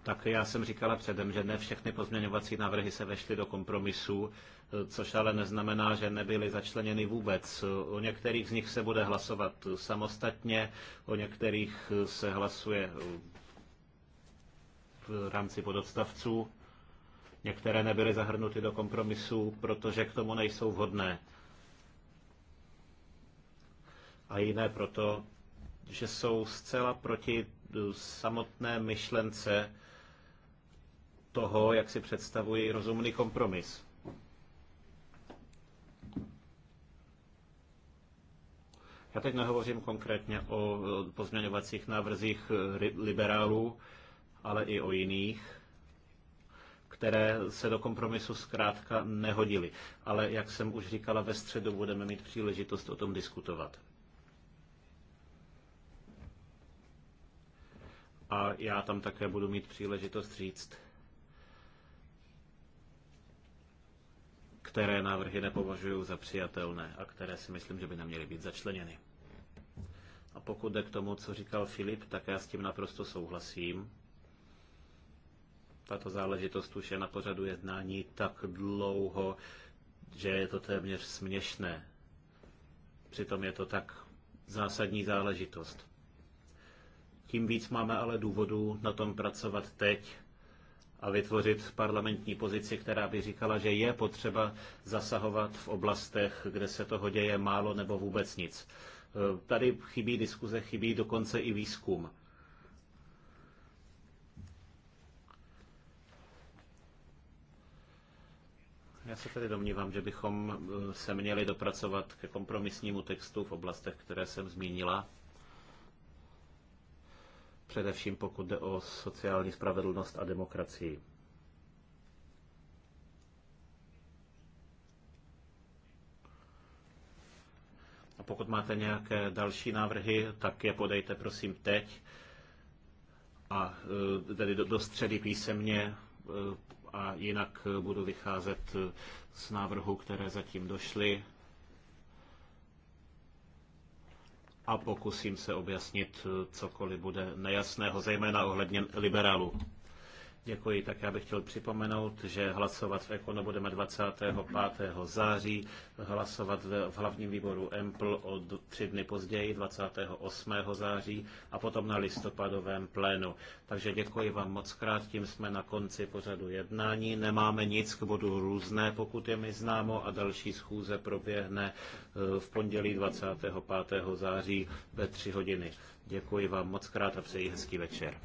tak já jsem říkala předem, že ne všechny pozměňovací návrhy se vešly do kompromisu, což ale neznamená, že nebyly začleněny vůbec. O některých z nich se bude hlasovat samostatně, o některých se hlasuje v rámci pododstavců. Některé nebyly zahrnuty do kompromisu, protože k tomu nejsou vhodné. A jiné proto, že jsou zcela proti samotné myšlence toho, jak si představuji rozumný kompromis. Já teď nehovořím konkrétně o pozměňovacích návrzích liberálů, ale i o jiných, které se do kompromisu zkrátka nehodily. Ale jak jsem už říkala, ve středu budeme mít příležitost o tom diskutovat. A já tam také budu mít příležitost říct, které návrhy nepovažuji za přijatelné a které si myslím, že by neměly být začleněny. A pokud jde k tomu, co říkal Filip, tak já s tím naprosto souhlasím. Tato záležitost už je na pořadu jednání tak dlouho, že je to téměř směšné. Přitom je to tak zásadní záležitost. Tím víc máme ale důvodu na tom pracovat teď, a vytvořit parlamentní pozici, která by říkala, že je potřeba zasahovat v oblastech, kde se toho děje málo nebo vůbec nic. E, tady chybí diskuze, chybí dokonce i výzkum. Já se tedy domnívám, že bychom e, se měli dopracovat ke kompromisnímu textu v oblastech, které jsem zmínila především pokud jde o sociální spravedlnost a demokracii. A pokud máte nějaké další návrhy, tak je podejte prosím teď a e, tedy do středy písemně e, a jinak e, budu vycházet z návrhů, které zatím došly a pokusím se objasnit eh, cokoliv bude nejasného, zejména ohledně liberálů. Děkuji, tak já bych chtěl připomenout, že hlasovat v Ekonu budeme 25. září, hlasovat v hlavním výboru EMPL o tři dny později, 28. září a potom na listopadovém plénu. Takže děkuji vám moc krát, tím jsme na konci pořadu jednání. Nemáme nic k bodu různé, pokud je mi známo, a další schůze proběhne eh, v pondělí 25. září ve 3 hodiny. Děkuji vám moc krát a přeji hezký večer.